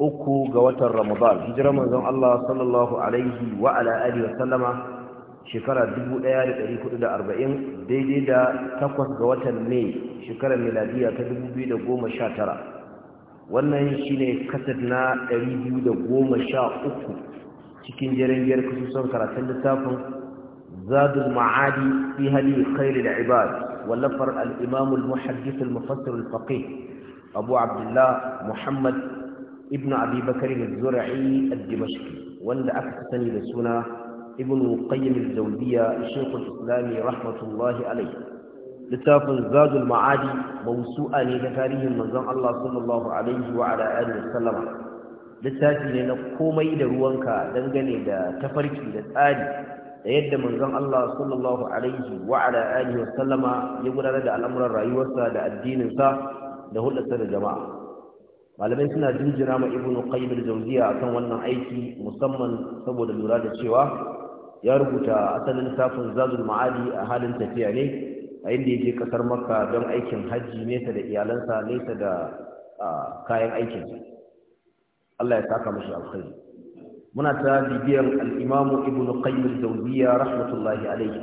uku ga watan Ramadan hijira manzon Allah sallallahu alaihi wa ala alihi wasallama shekara 1440 daidai da takwas ga watan Mai shekarar miladiya ta 2019 wannan shine kasar na 213 cikin jarangiyar kasusan karatun littafin Zadul Ma'adi fi hali khairul ibad wallafar al-Imam al-Muhaddith al-Mufassir al-Faqih Abu Abdullah Muhammad ibn abi bakar zurai al-dimashqi wanda aka sani da suna ibn qayyim al-jawziya shaykh al-islam rahmatullahi alayhi littafin zadul ma'adi mawsu'a ne da tarihin manzon Allah sallallahu alaihi wa ala alihi wa littafi ne na komai da ruwanka dangane da tafarki da tsari da yadda manzon Allah sallallahu alaihi wa ala alihi wa sallama ya gudanar da al'amuran rayuwarsa da addininsa da hulɗarsa da jama'a malamai suna jinjira ma ibn qayyim al-jawziya akan wannan aiki musamman saboda lura da cewa ya rubuta asalin safin zazul ma'adi a halin tafiya ne a inda yake kasar makka don aikin hajji nesa da iyalansa nesa da kayan aikinsa Allah ya saka mashi alkhairi muna ta bibiyar al'imamu ibn qayyim jauziya rahmatullahi alaihi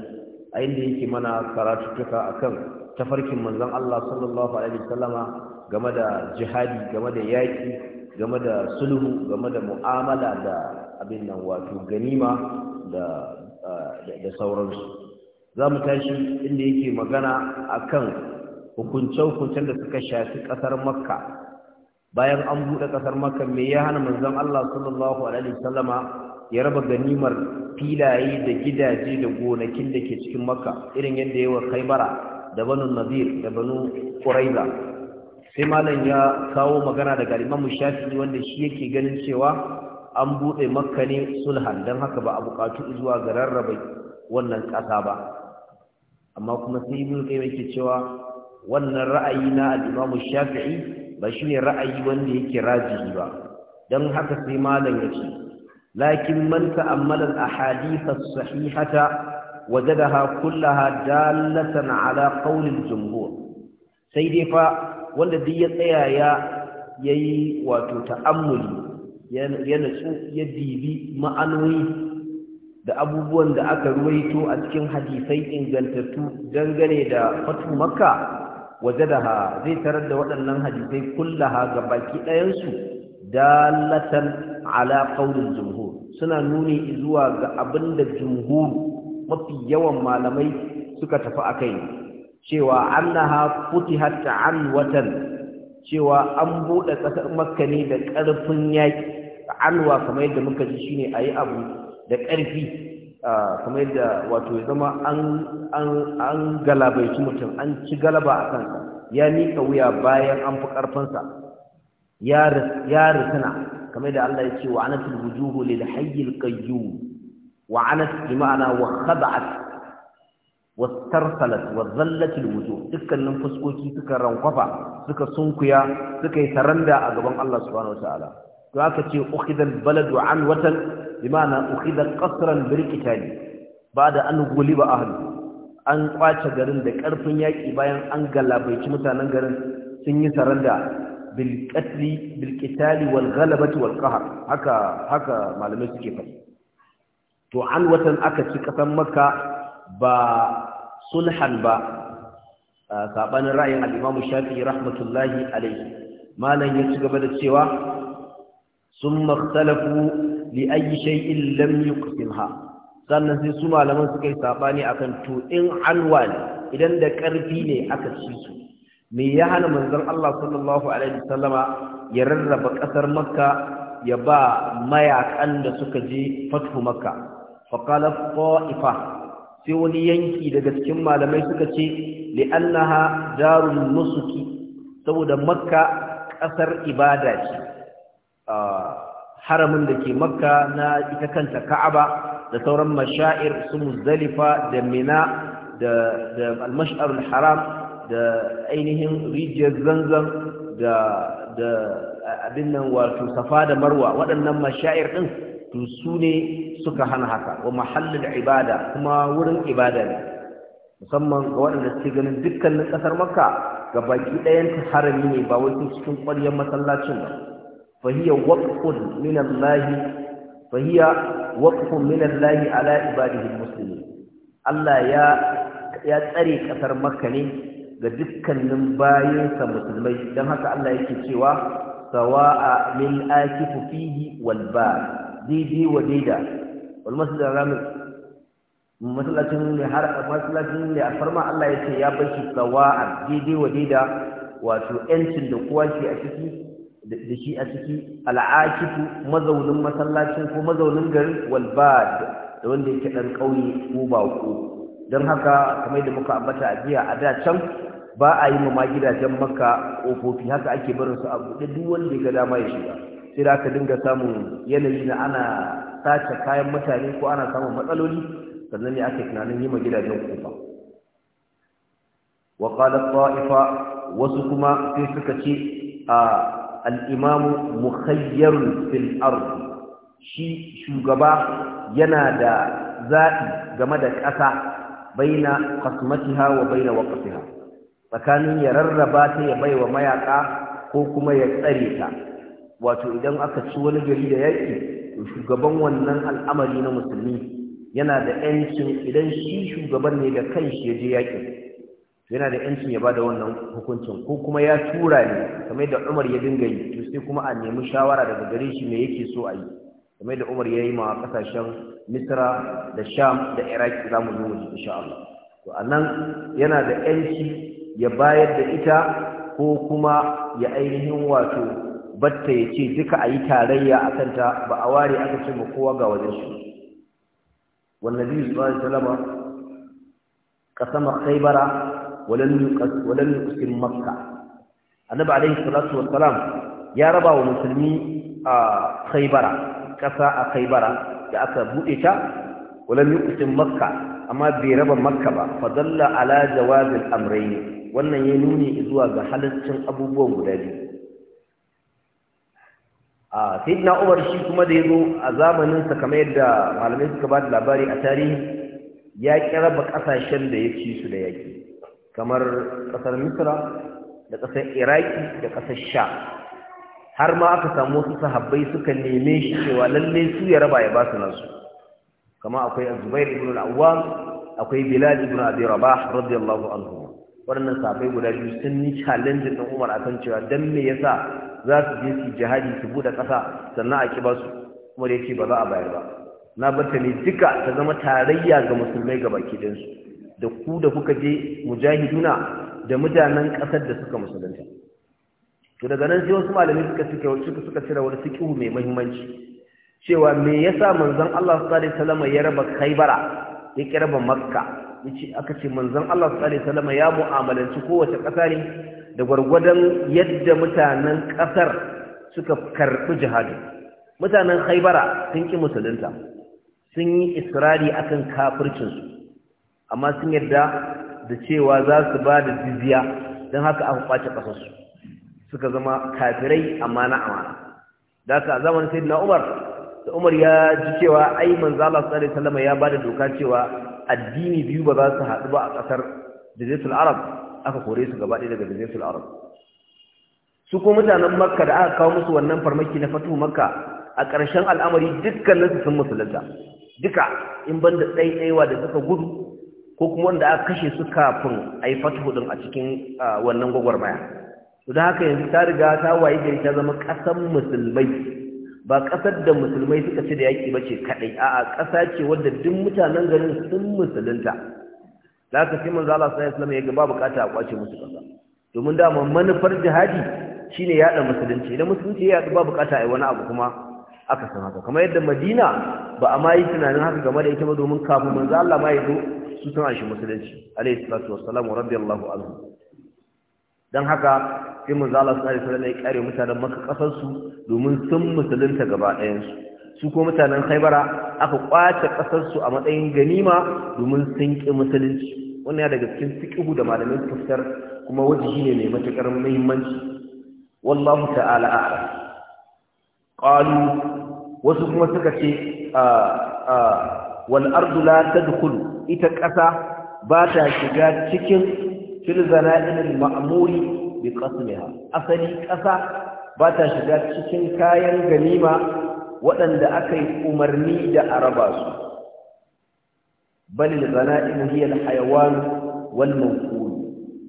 a inda yake mana karatuttuka akan tafarkin manzon Allah sallallahu alaihi wasallama game da jihadi game da yaƙi game da sulhu game da mu'amala da abin nan wato ganima da sauransu za mu tashi inda yake magana akan hukunce-hukuncen da suka shafi ƙasar makka bayan an buɗe ƙasar makka me ya hana manzon Allah sallallahu alaihi wasallama ya raba ganimar filaye da gidaje da gonakin da ke cikin makka irin yadda yawa kaibara da banu nazir da banu ƙuraiza sai malam ya kawo magana daga imamu shafi'i wanda shi yake ganin cewa an buɗe makka ne sulhan don haka ba a buƙatu zuwa ga rarraba wannan ƙasa ba amma kuma sai ibnu kai yake cewa wannan ra'ayi na al-imamu shafi'i ba ne ra'ayi wanda yake rajihi ba don haka sai malam ya ce lakin man ta'ammala al-ahadith as-sahihata wajadaha kullaha dallatan ala qawli al-jumhur sai dai fa wanda duk ya tsaya ya yayi wato ta'ammuli ya natsu ya dibi ma'anoyi da abubuwan da aka ruwaito a cikin hadisai ingantattu dangane da fatu makka wajadaha zai tarar da waɗannan hadisai kullaha ga baki ɗayansu dalatan ala qaulil jumhur suna nuni zuwa ga abinda jumhur mafi yawan malamai suka tafi akai cewa annaha futihat an watan cewa an bude kasar makka ne da karfin yaki anwa kamar yadda muka ji shine ayi abu da karfi kamar yadda wato ya zama an an an galabaici mutum an ci galaba a kansa ya mika wuya bayan an fi karfinsa ya ya risana kamar yadda Allah ya ce wa anatul wujuhu lil hayyil qayyum wa anat bi ma'ana wa khada'at wastarsalat wa zallatil wujuh dukkanin fuskoki suka rankwafa suka sunkuya suka yi saranda a gaban Allah subhanahu wataala to aka ce ukhidha baladu an watan bimana ukhidha qasran birqitani bada an guliba ahli an kwace garin da karfin yaki bayan an galabaici mutanen garin sun yi saranda bil qatli bil qitali wal ghalabati wal qahr haka haka malamai suke faɗi to an watan aka ci kasan makka ba sulhan ba saɓanin ra'ayin alimamu imam Shafi'i rahmatullahi alaihi malan ya ci gaba da cewa sun ikhtalafu li ayyi shay'in lam ha, sannan sai su malaman suka yi saɓani akan to in anwal idan da karfi ne aka ci su me ya hana manzon Allah sallallahu alaihi wasallama ya rarraba ƙasar Makka ya ba mayakan da suka je fathu Makka faqala ta'ifa sai wani yanki daga cikin malamai suka ce li'annaha darul nusuki saboda makka kasar ibada ce haramin da ke makka na ita kanta ka'aba da sauran mashair su muzdalifa da mina da almash'arul haram da ainihin rijiyar zanzan da da abin nan wato safa da marwa waɗannan mashair ɗin to su ne suka hana haka wa mahallin ibada kuma wurin ibada ne musamman ga waɗanda suke ganin dukkanin ƙasar makka ga baki ɗayan harami ne ba wai cikin ƙwaryar masallacin ba fahiya waqfun min Allah waqfun min Allah ala ibadihi muslimin Allah ya ya tsare ƙasar makka ne ga dukkanin bayansa musulmai don haka Allah yake cewa sawa'a lil akifu fihi wal ba daidai wa daida wal masjid al-rami masallacin ne a farma Allah yake ya bar shi sawa'an daidai wa daida wato yancin da kowa ke a ciki da shi a ciki al'akifu mazaunin masallacin ko mazaunin garin walba da wanda yake dan kauye ko bako don haka kamar da muka ambata a jiya a da can ba a yi ma ma gidajen makka kofofi haka ake barin su a buɗe duk wanda ya ga dama ya shiga sai da aka dinga samun yanayi na ana sace kayan mutane ko ana samun matsaloli sannan ne ake tunanin yi ma gidajen kofa wa qala ta'ifa wasu kuma sai suka ce a al-imam mukhayyar fil ard shi shugaba yana da zaɓi game da ƙasa baina qasmatiha wa baina waqtiha tsakanin ya rarraba ta ya baiwa mayaka ko kuma ya tsare ta wato idan aka ci wani gari da yaƙi shugaban wannan al'amari na musulmi yana da yancin idan shi shugaban ne da kanshi ya je yakin yana da yancin ya bada wannan hukuncin ko kuma ya tura ne kamar da Umar ya dinga yi to sai kuma a nemi shawara daga gare shi me yake so a yi kamar da Umar ya yi ma kasashen Misra da Sham da Iraq za mu zo insha Allah to anan yana da yanci ya bayar da ita ko kuma ya ainihin wato batta ya ce duka ayi tarayya a ta ba a ware aka ce ma kowa ga wajen su wallazi sallallahu alaihi wasallam qasama khaybara walam yuqas walam yuqsim makka annabi alaihi salatu wassalam ya raba wa musulmi a khaybara kasa a khaybara da aka bude ta walam yuqsim makka amma bai raba makka ba Fa fadalla ala jawazil amrayn wannan ya nuni zuwa ga halaccin abubuwan guda biyu a sayyidina umar shi kuma da yazo a zamanin sa kamar yadda malamai suka ba da labari a tarihi ya kiraba kasashen da ya ci su da yaki kamar kasar misra da kasar iraki da kasar sha har ma aka samu wasu sahabbai suka neme shi cewa lalle su ya raba ya ba su nasu kama akwai zubair ibn al-awwam akwai bilal ibn abi rabah radiyallahu anhu wannan sahabbai guda biyu sun yi challenge din umar akan cewa dan me yasa za su je su jihadi su buɗe ƙasa sannan a ki ba su kuma da yake ba za a bayar ba na barta ne duka ta zama tarayya ga musulmai ga baki su. da ku da kuka je mujahiduna da mutanen ƙasar da suka musulunta to daga nan sai wasu malamai suka suka suka suka cire wani fiqh mai muhimmanci cewa me yasa manzon Allah sallallahu alaihi wasallam ya raba Khaibara ya ba Makka yace aka ce manzon Allah sallallahu alaihi wasallam ya mu'amalanci kowace ƙasa ne da gwargwadon yadda mutanen ƙasar suka karɓi jihadi mutanen haibara sun ƙi musulunta sun yi israri akan kafircinsu amma sun yadda da cewa za su ba da jiziya don haka aka kwace ƙasarsu suka zama kafirai amma na amana da haka zamanin sayyidina Umar da Umar ya ji cewa ai manzo Allah sallallahu alaihi wasallam ya bada doka cewa addini biyu ba za su haɗu ba a ƙasar Jazirat Arab aka kore su gaba ɗaya daga jazirsul arab su ko mutanen makka da aka kawo musu wannan farmaki na fatu makka a ƙarshen al'amari dukkanin su sun musulunta duka in banda ɗaiɗaiwa da suka gudu ko kuma wanda aka kashe su kafin a yi fatuhu a cikin wannan gwagwarmaya da haka yanzu ta riga ta waye gari ta zama ƙasar musulmai ba ƙasar da musulmai suka ci da yaƙi ba ce kaɗai a'a ƙasa ce wadda duk mutanen garin sun musulunta da ka sai manzo Allah sallallahu alaihi wasallam ya ga bukata a kwace musu kaza domin mun manufar jihadi shine yaɗa musulunci idan musulunci ya yaɗu ba bukata ai wani abu kuma aka san haka kamar yadda Madina ba a ma yi tunanin haka game da ita ba domin kafin manzo Allah ma ya zo su san shi musulunci alaihi salatu wassalamu radiyallahu anhu dan haka sai manzo Allah sallallahu alaihi wasallam ya kare mutanen Makka kasar su domin sun musulunta gaba ɗayan su su ko mutanen haibara aka kwace ƙasarsu a matsayin ganima domin sun ƙi musulunci wannan ya daga cikin fiƙihu da malamin tafsir kuma wajihi ne mai matuƙar muhimmanci wallahu ta'ala a'lam qalu wasu kuma suka ce a a wal ardu la tadkhulu ita ƙasa ba ta shiga cikin fil zana'il ma'muri bi qasmiha asali ƙasa ba ta shiga cikin kayan ganima waɗanda aka yi umarni da araba su balil ghanaimu hiya al-hayawan wal mawqul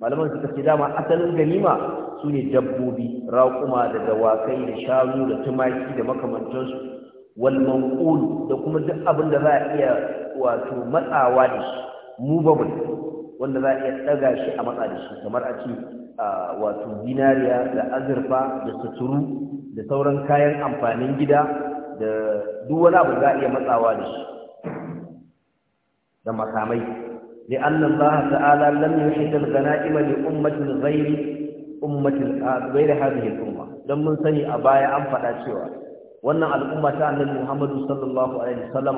malaman suka ce dama asalin ganima sune dabbobi raƙuma da dawakai da shanu da tumaki da makamantansu wal mawqul da kuma duk abin da za a iya wato matsawa da shi movable wanda za a iya ɗaga shi a matsa da shi kamar a ce wato zinariya da azurfa da suturu da sauran kayan amfanin gida da duk wani abu za a iya matsawa da shi da makamai لأن الله تعالى لم يحد الغنائم لأمة غير أمة غير هذه الأمة لم من سني أبايا أم فلا سوى وأن الأمة أن محمد صلى الله عليه وسلم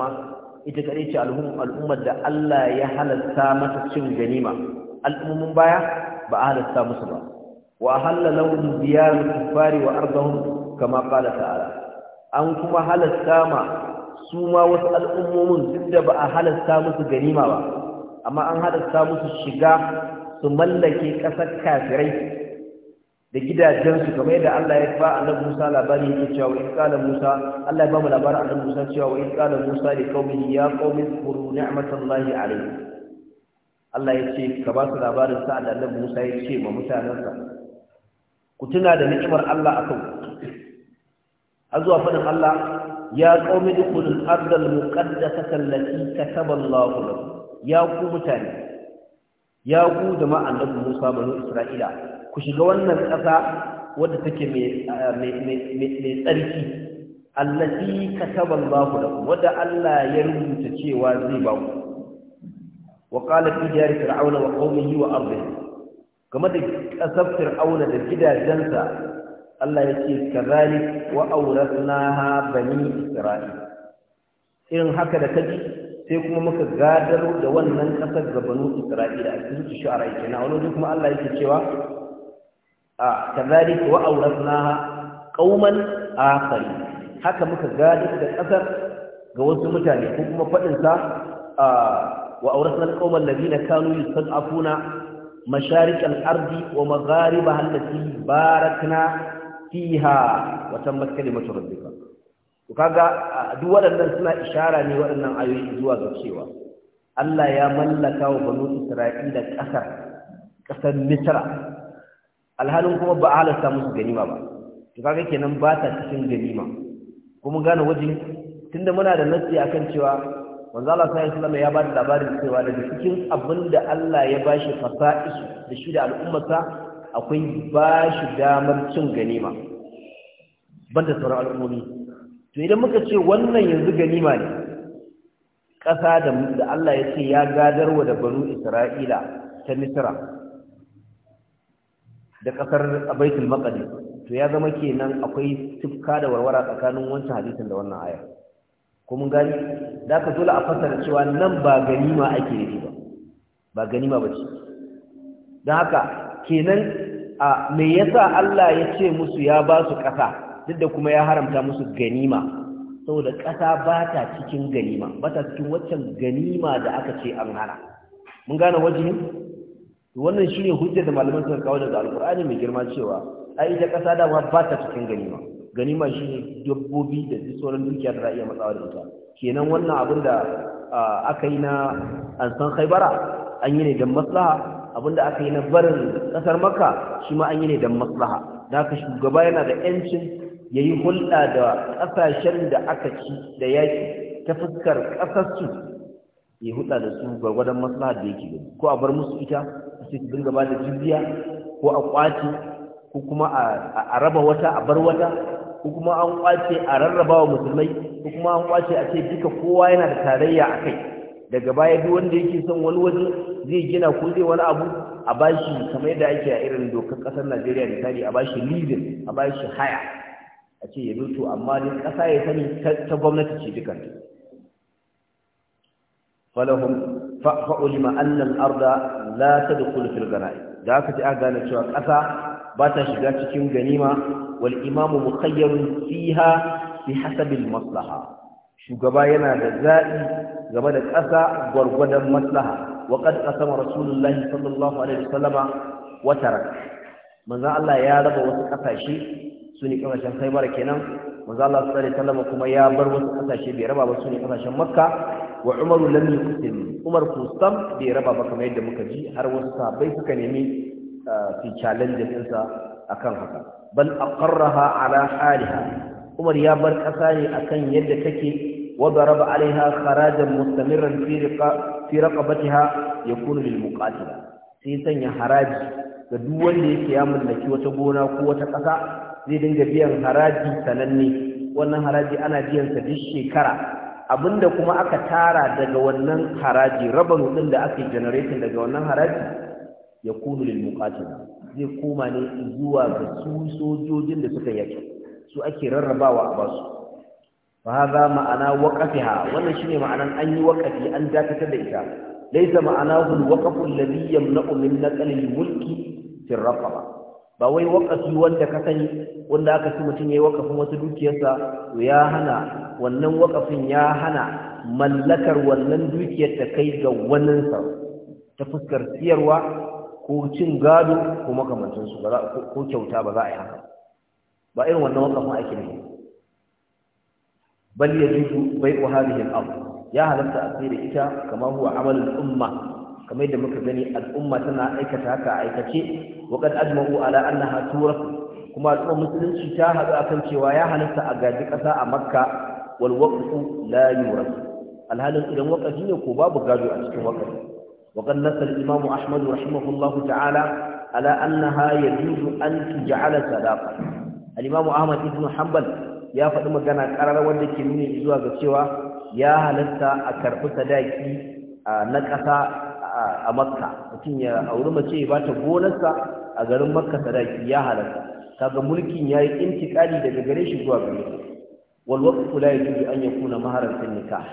إتكريت الهم الأمة دا ألا يحل السامة تسوى جنيمة الأمم بايا بأهل السامة سبا وأهل لهم ديار الكفار وأرضهم كما قال تعالى an kuma halasta ma su ma wasu al'ummomin duk da ba a halasta musu ganima ba amma an halasta musu shiga su mallake ƙasar kafirai da gidajensu kamar yadda Allah ya ba annabi Musa labari yake cewa wa qala Musa Allah ya ba mu labarin annabi Musa cewa wa in Musa li qaumihi ya qaumi zkuru ni'matallahi alayhi Allah ya ce ka ba su labarin sa da annabi Musa ya ce ma mutanansa ku tuna da ni'imar Allah akan ku azuwa fadin Allah ya kaumi dukkanin ardal muqaddasa tallati kataba Allah ya ku mutane ya ku da ma'annabi Musa bani Isra'ila ku shiga wannan ƙasa wadda take mai tsarki allati kataba Allah lakum wadda Allah ya rubuta cewa zai ba ku fi diyar fir'auna wa qawmihi wa ardihi kamar da kasar fir'auna da gidajensa Allah ya ce kazalik wa auratnaha bani isra'il irin haka da kaji sai kuma muka gadar da wannan kasar ga banu isra'ila a cikin shu'ara kenan wani wajen kuma Allah yake cewa a kazalik wa auratnaha qauman akhari haka muka gadaro da ƙasar ga wasu mutane ko kuma fadin sa wa auratna alqauman na kanu yusafuna Afuna, masharikan ardi wa magharibaha allati barakna fiha wa tammat kalimatu rabbika to kaga duk waɗannan suna ishara ne waɗannan ayoyi zuwa ga cewa Allah ya mallaka wa banu Isra'ila ƙasar ƙasar Misra alhalin kuma ba ta musu ganima ba to kaga kenan ba ta cikin ganima kuma gane waje. tunda muna da nasi akan cewa manzo Allah sallallahu alaihi ya ba da labarin cewa daga cikin abinda Allah ya bashi fasa'isu da shi da al'ummarsa akwai ba shi damar cin ganima banda sauran al'ummomi to idan muka ce wannan yanzu ganima ne ƙasa da Allah ya ce ya gadarwa da banu Isra'ila ta Misra da ƙasar Baitul Maqdis to ya zama kenan akwai tufka da warwara tsakanin wancan hadisin da wannan aya ko mun gani da ka dole a fassara cewa nan ba ganima ake nufi ba ba ganima bace don haka kenan a me yasa Allah ya ce musu ya ba su ƙasa duk da kuma ya haramta musu ganima saboda ƙasa ba ta cikin ganima ba ta cikin waccan ganima da aka ce an hana mun gane ne wannan shine hujjar da malaman suka kawo daga alkur'ani mai girma cewa a ita ƙasa da ba ta cikin ganima ganima shine dabbobi da sauran dukiya da za iya matsawa da ita kenan wannan abin da aka yi na an san khaibara an yi ne don maslaha Abin da aka yi na barin kasar maka, shi ma an yi ne don maslaha da aka shugaba yana da yancin ya yi hulɗa da ƙasashen da aka ci da yaƙi ta fuskar ƙasarsu ya hulɗa da su gwargwadon maslaha da yake gani ko a bar musu ita a su bin ba da jizya ko a ƙwace ko kuma a raba wata a bar wata ko kuma an ƙwace a rarraba wa musulmai ko kuma an ƙwace a ce duka kowa yana da tarayya a kai daga baya duk wanda yake son wani waje zai gina ko zai wani abu a bashi kamar yadda ake a irin dokar kasar Najeriya misali a bashi leasing a bashi haya a ce ya to amma dai kasa ya sani ta gwamnati ce dukan falahum fa'ulima anna al-arda la tadkhulu fil ghanai da aka ji a gane cewa kasa ba ta shiga cikin ganima wal imamu mukhayyarun fiha bi hasabil maslaha shugaba yana da zabi game da ƙasa gwargwadon maslaha wa qad wa rasulullahi sallallahu alaihi wasallama wa tarak manzo Allah ya raba wasu ƙasashe su ne ƙasashen Khaibar kenan manzo Allah sallallahu alaihi wasallama kuma ya bar wasu ƙasashe bai raba ba su ne ƙasashen Makka wa Umaru lam yuqsim Umar kusam bai raba ba kamar yadda muka ji har wasu sahabbai suka nemi fi eh, challenge ɗinsa akan haka bal aqarraha ala haliha Umar ya bar ƙasa ne akan yadda take وضرب عليها خراجا مستمرا في رق... في رقبتها يكون للمقاتل sai sanya haraji ga duk wanda yake ya mallaki wata gona ko wata ƙasa zai dinga biyan haraji sananne wannan haraji ana biyan sa duk shekara abinda kuma aka tara daga wannan haraji rabanu din da aka generating daga wannan haraji ya kunu lil muqatil zai koma ne zuwa ga su sojojin da suka yake su ake rarrabawa a basu ma'ana فهذا معنى وقفها وانا شنو معنى أن يوقفي أن ذاك تدعيها ليس معناه الوقف الذي يمنع من نقل الملك في الرقبة ba wai waƙafi wanda ka sani wanda aka ci mutum ya yi waƙafin wasu dukiyarsa to ya hana wannan waƙafin ya hana mallakar wannan dukiyar ta kai ga waninsa ta fuskar siyarwa ko cin gado ko makamancinsu ko kyauta ba za a yi haka ba irin wannan waƙafin ake nufi bal ya yajibu bai hadhihi al abu. ya halatta a tsere ita kama huwa amalul umma kamar da muka gani al'umma tana aikata haka aikace wa qad ajma'u ala annaha turaf kuma Al'umma musulunci ta haɗu kan cewa ya halatta a gaji ƙasa a makka wal waqfu la yuraf alhalin idan waqafi ne ko babu gado a cikin waqafi wa qad nasa al-imam ahmad rahimahullahu ta'ala ala annaha yajuzu an tuj'ala sadaqa al-imam ahmad ibn hanbal ya faɗi magana ƙarar wanda ke nuni zuwa ga cewa ya halatta a karɓi sadaki na ƙasa a makka mutum ya auri mace ya bata gonarsa a garin makka sadaki ya halatta kaga mulkin ya yi intikali daga gare shi zuwa gare shi wal waqfu la yajuzu an yakuna maharan fil nikah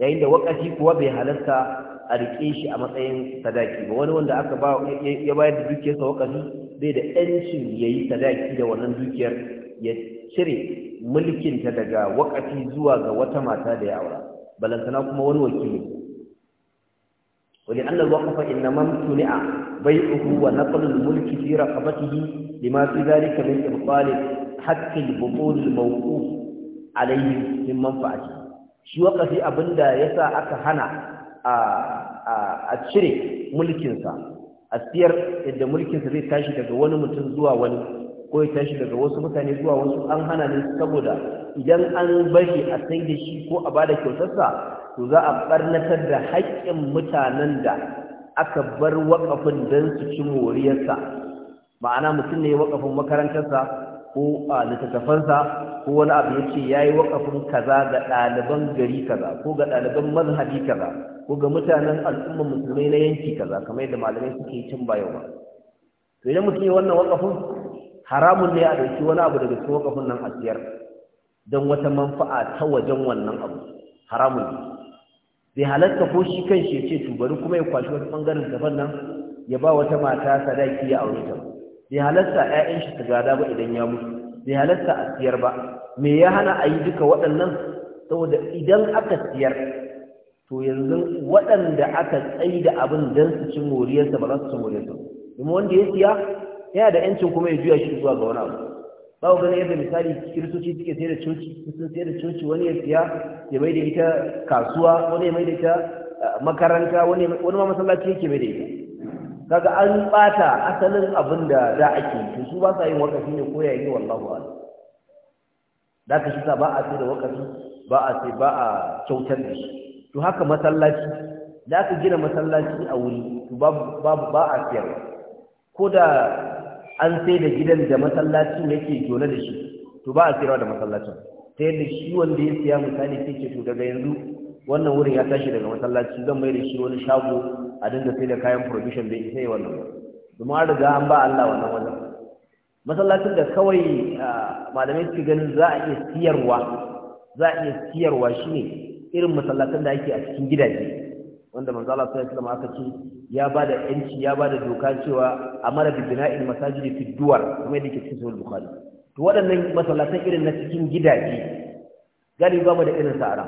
yayin da wakati kuwa bai halatta a riƙe shi a matsayin sadaki ba wani wanda aka ba ya bayar da dukiyarsa wakati bai da yancin yayi sadaki da wannan dukiyar ya cire mulkinta daga wakati zuwa ga wata mata da ya aura balantana kuma wani wakili wani annal waqafa inna man tuni'a bai'uhu wa naqlul mulki fi raqabatihi lima fi dhalika min ibtal haqqi al-butul al-mawquf alayhi min manfa'ati shi waqafi abinda yasa aka hana a a cire sa, a siyar mulkin sa zai tashi daga wani mutum zuwa wani ko ya tashi daga wasu mutane zuwa wasu an hana ne saboda idan an bari a sai da shi ko a bada kyautarsa to za a barnatar da haƙƙin mutanen da aka bar waƙafin don su ci moriyarsa ma'ana mutum ne waƙafin makarantarsa ko a littattafansa ko wani abu ya ce ya yi waƙafin kaza ga ɗaliban gari kaza ko ga ɗaliban mazhabi kaza ko ga mutanen al'umma musulmai na yanki kaza kamar yadda malamai suke cin bayo ba to idan mutum ya wannan waƙafin haramun ne a ɗauki wani abu daga cikin wakafin nan a siyar don wata manfa'a ta wajen wannan abu haramun ne bai halatta ko shi kan shi ce tubari kuma ya kwashi wasu ɓangaren daban nan ya ba wata mata sadaki ya aure ta bai halatta ƴaƴan shi su gada ba idan ya mutu bai halatta a siyar ba me ya hana a yi duka waɗannan saboda idan aka siyar to yanzu waɗanda aka da abin don su ci moriyarsa ba za su ci moriyarsa domin wanda ya siya yana da yancin kuma ya juya shi zuwa ga wani abu Ba ku ganin yadda misali kiristoci suke sayar da coci sun sayar da coci wani ya siya ya mai da ita kasuwa wani ya mai da ita eh, makaranta wani ma masallaci yake mai da ita kaga an bata asalin abin da da ke to su ba sa yin wakafi ne ko yayi wallahu a'lam da ka shisa ba a sai da wakafi ba a sai ba a kyautar da shi to haka masallaci da aka gina masallaci a wuri to babu ba a siyarwa ko da an sai da gidan da masallacin yake jona da shi to ba a sayarwa da masallacin ta da shi wanda ya siya misali sai ce to daga yanzu wannan wurin ya tashi daga masallaci zan mai da shi wani shago a dinga sai da kayan provision da isa yi wannan ba domin an riga an ba Allah wannan wannan masallacin da kawai malamai su ganin za a iya siyarwa za a iya siyarwa shine irin masallacin da ake a cikin gidaje wanda manzo Allah sallallahu aka ce ya bada yanci ya bada doka cewa amara bi bina'il masajidi fi duwar kuma yadda ke cikin sahih bukhari to waɗannan masallatan irin na cikin gidaje gari ba mu da irin sa'ara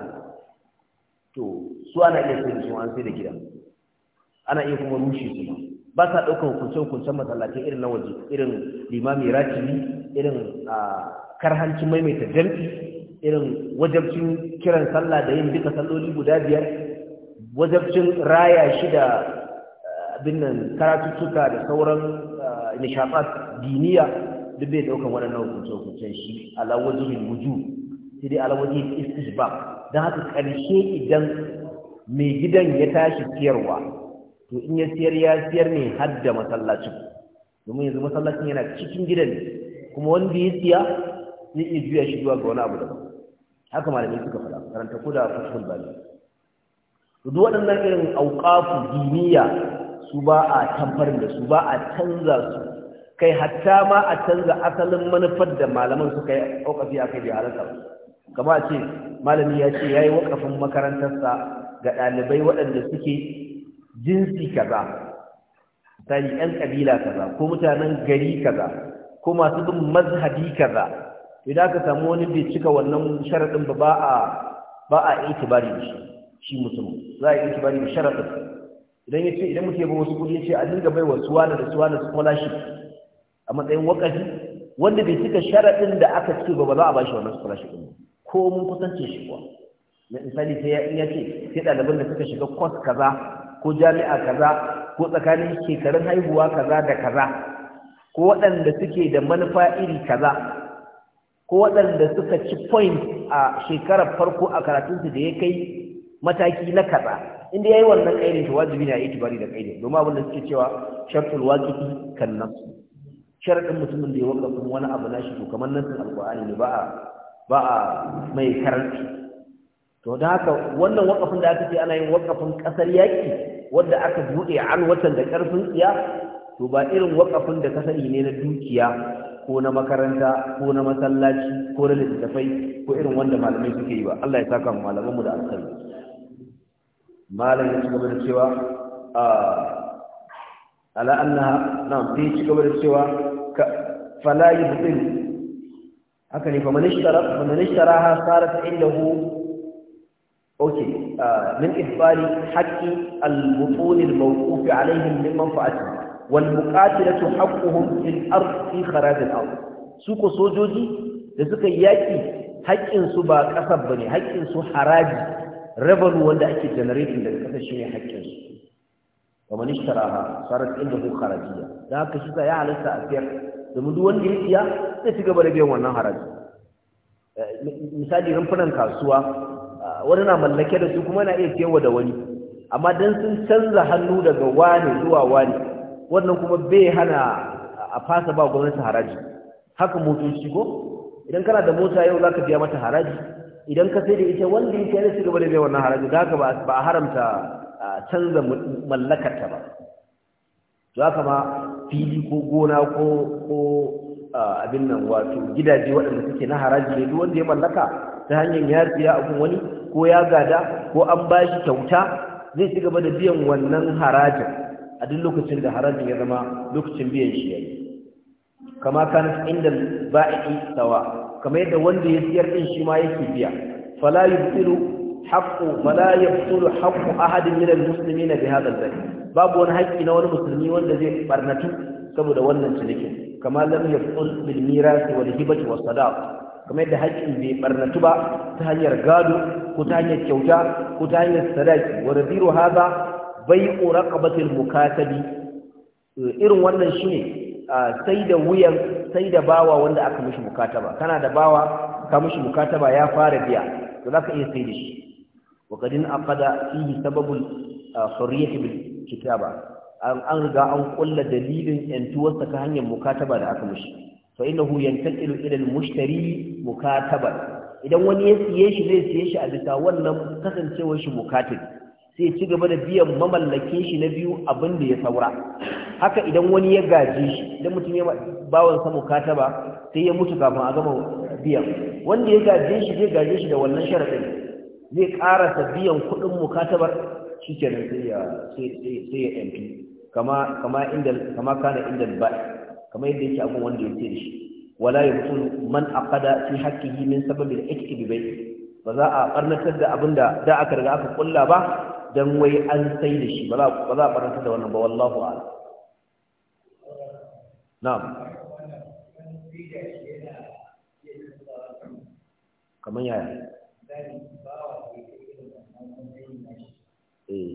to su ana iya sai su an sai da gida ana iya kuma rushe su ba sa ɗaukar hukunce-hukuncen masallatai irin na waje irin limami ratibi irin karhancin maimaita jam'i irin wajabcin kiran sallah da yin duka salloli guda biyar wajabcin raya shi da eh, abin nan karatuttuka da sauran eh, nishafat diniya duk bai daukan waɗannan hukunce-hukuncen shi alawajihin wuju sai dai alawajihin ba, don haka ƙarshe idan mai gidan ya tashi siyarwa to in ya siyar ya siyar ne har da masallacin domin yanzu masallacin yana cikin gidan ne. kuma wanda ya siya zai iya juya shi zuwa ga wani abu daban haka malamai suka faɗa karanta ko da fasul bani duk waɗannan irin auqafu diniya su ba a tamfar da su ba a canza su kai hatta ma a canza asalin manufar da malaman suka yi aukafi akai da halarta kama a ce malami ya ce ya yi wakafin makarantarsa ga ɗalibai waɗanda suke jinsi kaza misali 'yan ƙabila kaza ko mutanen gari kaza ko masu bin mazhabi kaza idan ka samu wani bai cika wannan sharaɗin ba ba a ba a itibari da shi shi mutum za a yi bari da sharafin idan ya ce idan mutum ya wasu kudi ya ce a dinga bai wa suwana da suwana scholarship a matsayin wakafi wanda bai cika sharaɗin da aka ce ba za a ba shi wannan scholarship ɗin ko mun kusance shi kuwa na misali sai ya iya ce sai ɗaliban da suka shiga kwas kaza ko jami'a kaza ko tsakanin shekarun haihuwa kaza da kaza ko waɗanda suke da manufa iri kaza ko waɗanda suka ci point a shekarar farko a karatunsu da ya kai mataki na kaza inda yayi wannan kairin to wajibi ne a yi tibari da kairin domin abin da suke cewa shartul waqifi kan nafs sharadin mutumin da ya waka kuma wani abu nashi to kamar sun alqur'ani ne ba a ba a mai karanci to da haka wannan wakafin da aka ce ana yin wakafin kasar yaki wanda aka bude an watan da karfin tsiya to ba irin wakafin da kasari ne na dukiya ko na makaranta ko na masallaci ko na littattafai ko irin wanda malamai suke yi ba Allah ya saka mu malaman mu da alkhairi malam ya ci gaba da cewa a ala annaha na sai ya ci gaba da cewa fala yubtil haka ne fa faman ishtara faman ishtaraha sarat indahu okay min ifbari haqqi al-butul al-mawquf alaihim min manfa'atihi والمقاتلة حقهم في الأرض في خراج Su ko sojoji da suka yaki haƙƙinsu ba ƙasar ba ne haƙƙinsu haraji revenue wanda ake generating daga kasa shi ne haƙƙinsu wa man ishtaraha sarat indahu kharajiyya da haka shi ya halatta a fiyar. domin duk wanda ya siya zai ci gaba da biyan wannan haraji eh, misali rumfunan kasuwa wani na mallake da su kuma na iya siyarwa da wani amma dan sun canza hannu daga wani zuwa wani wannan kuma bai hana a fasa ba gwamnati haraji haka motoci ko idan kana da mota yau zaka biya mata haraji idan ka sai da ita wanda yake da shiga da zai wannan haraji da haka ba a haramta canza mallakarta ba to haka ma fili ko gona ko abin nan wato gidaje waɗanda suke na haraji ne duk wanda ya mallaka ta hanyar ya a abun wani ko ya gada ko an ba shi kyauta zai ci gaba da biyan wannan harajin a duk lokacin da harajin ya zama lokacin biyan shi yayi kama kan inda ba'i sawa kamar yadda wanda ya siyar din shi ma yake biya fala yubtilu haqqu fala yubtilu haqqu ahadin min almuslimin bi hadha al babu wani haƙƙi na wani musulmi wanda zai barnatu saboda wannan cinikin kama lam yabtul bil mirasi wal hibati was sadaq kamar yadda haƙƙin bai barnatu ba ta hanyar gado ko ta hanyar kyauta ko ta hanyar sadaki wa radiru hadha bai'u raqabati al mukatabi eh, irin wannan shine ah, sai da wuyan sai da bawa wanda aka mishi mukataba kana da bawa ka mishi mukataba ya fara biya to zaka iya sai da shi wa kadin aqada fihi sababul ah, hurriyah bil kitaba an riga an kulla dalilin yantuwar ta hanyar mukataba da aka mishi fa innahu yantaqilu ila al mushtari mukataba idan wani ya siye shi zai siye shi a bisa wannan kasancewar shi mukatabi sai ci gaba da biyan mamallakin shi na biyu abin da ya saura haka idan wani ya gaji shi idan mutum ya wa sa mukataba sai ya mutu kafin a gama biyan wanda ya gaje shi zai gaje shi da wannan sharadin zai karasa biyan kuɗin mukatabar nan sai ya sai ya MP kama kama inda kama kana inda ba kama yadda yake abun wanda ya ce shi wala ya mutu man aqada fi haqqihi min sababi al-iktibi bai ba za a karnatar da abinda da aka riga aka kulla ba don wai an sai da shi ba za a faranta da wannan ba wallahu ala na'am kamar yaya eh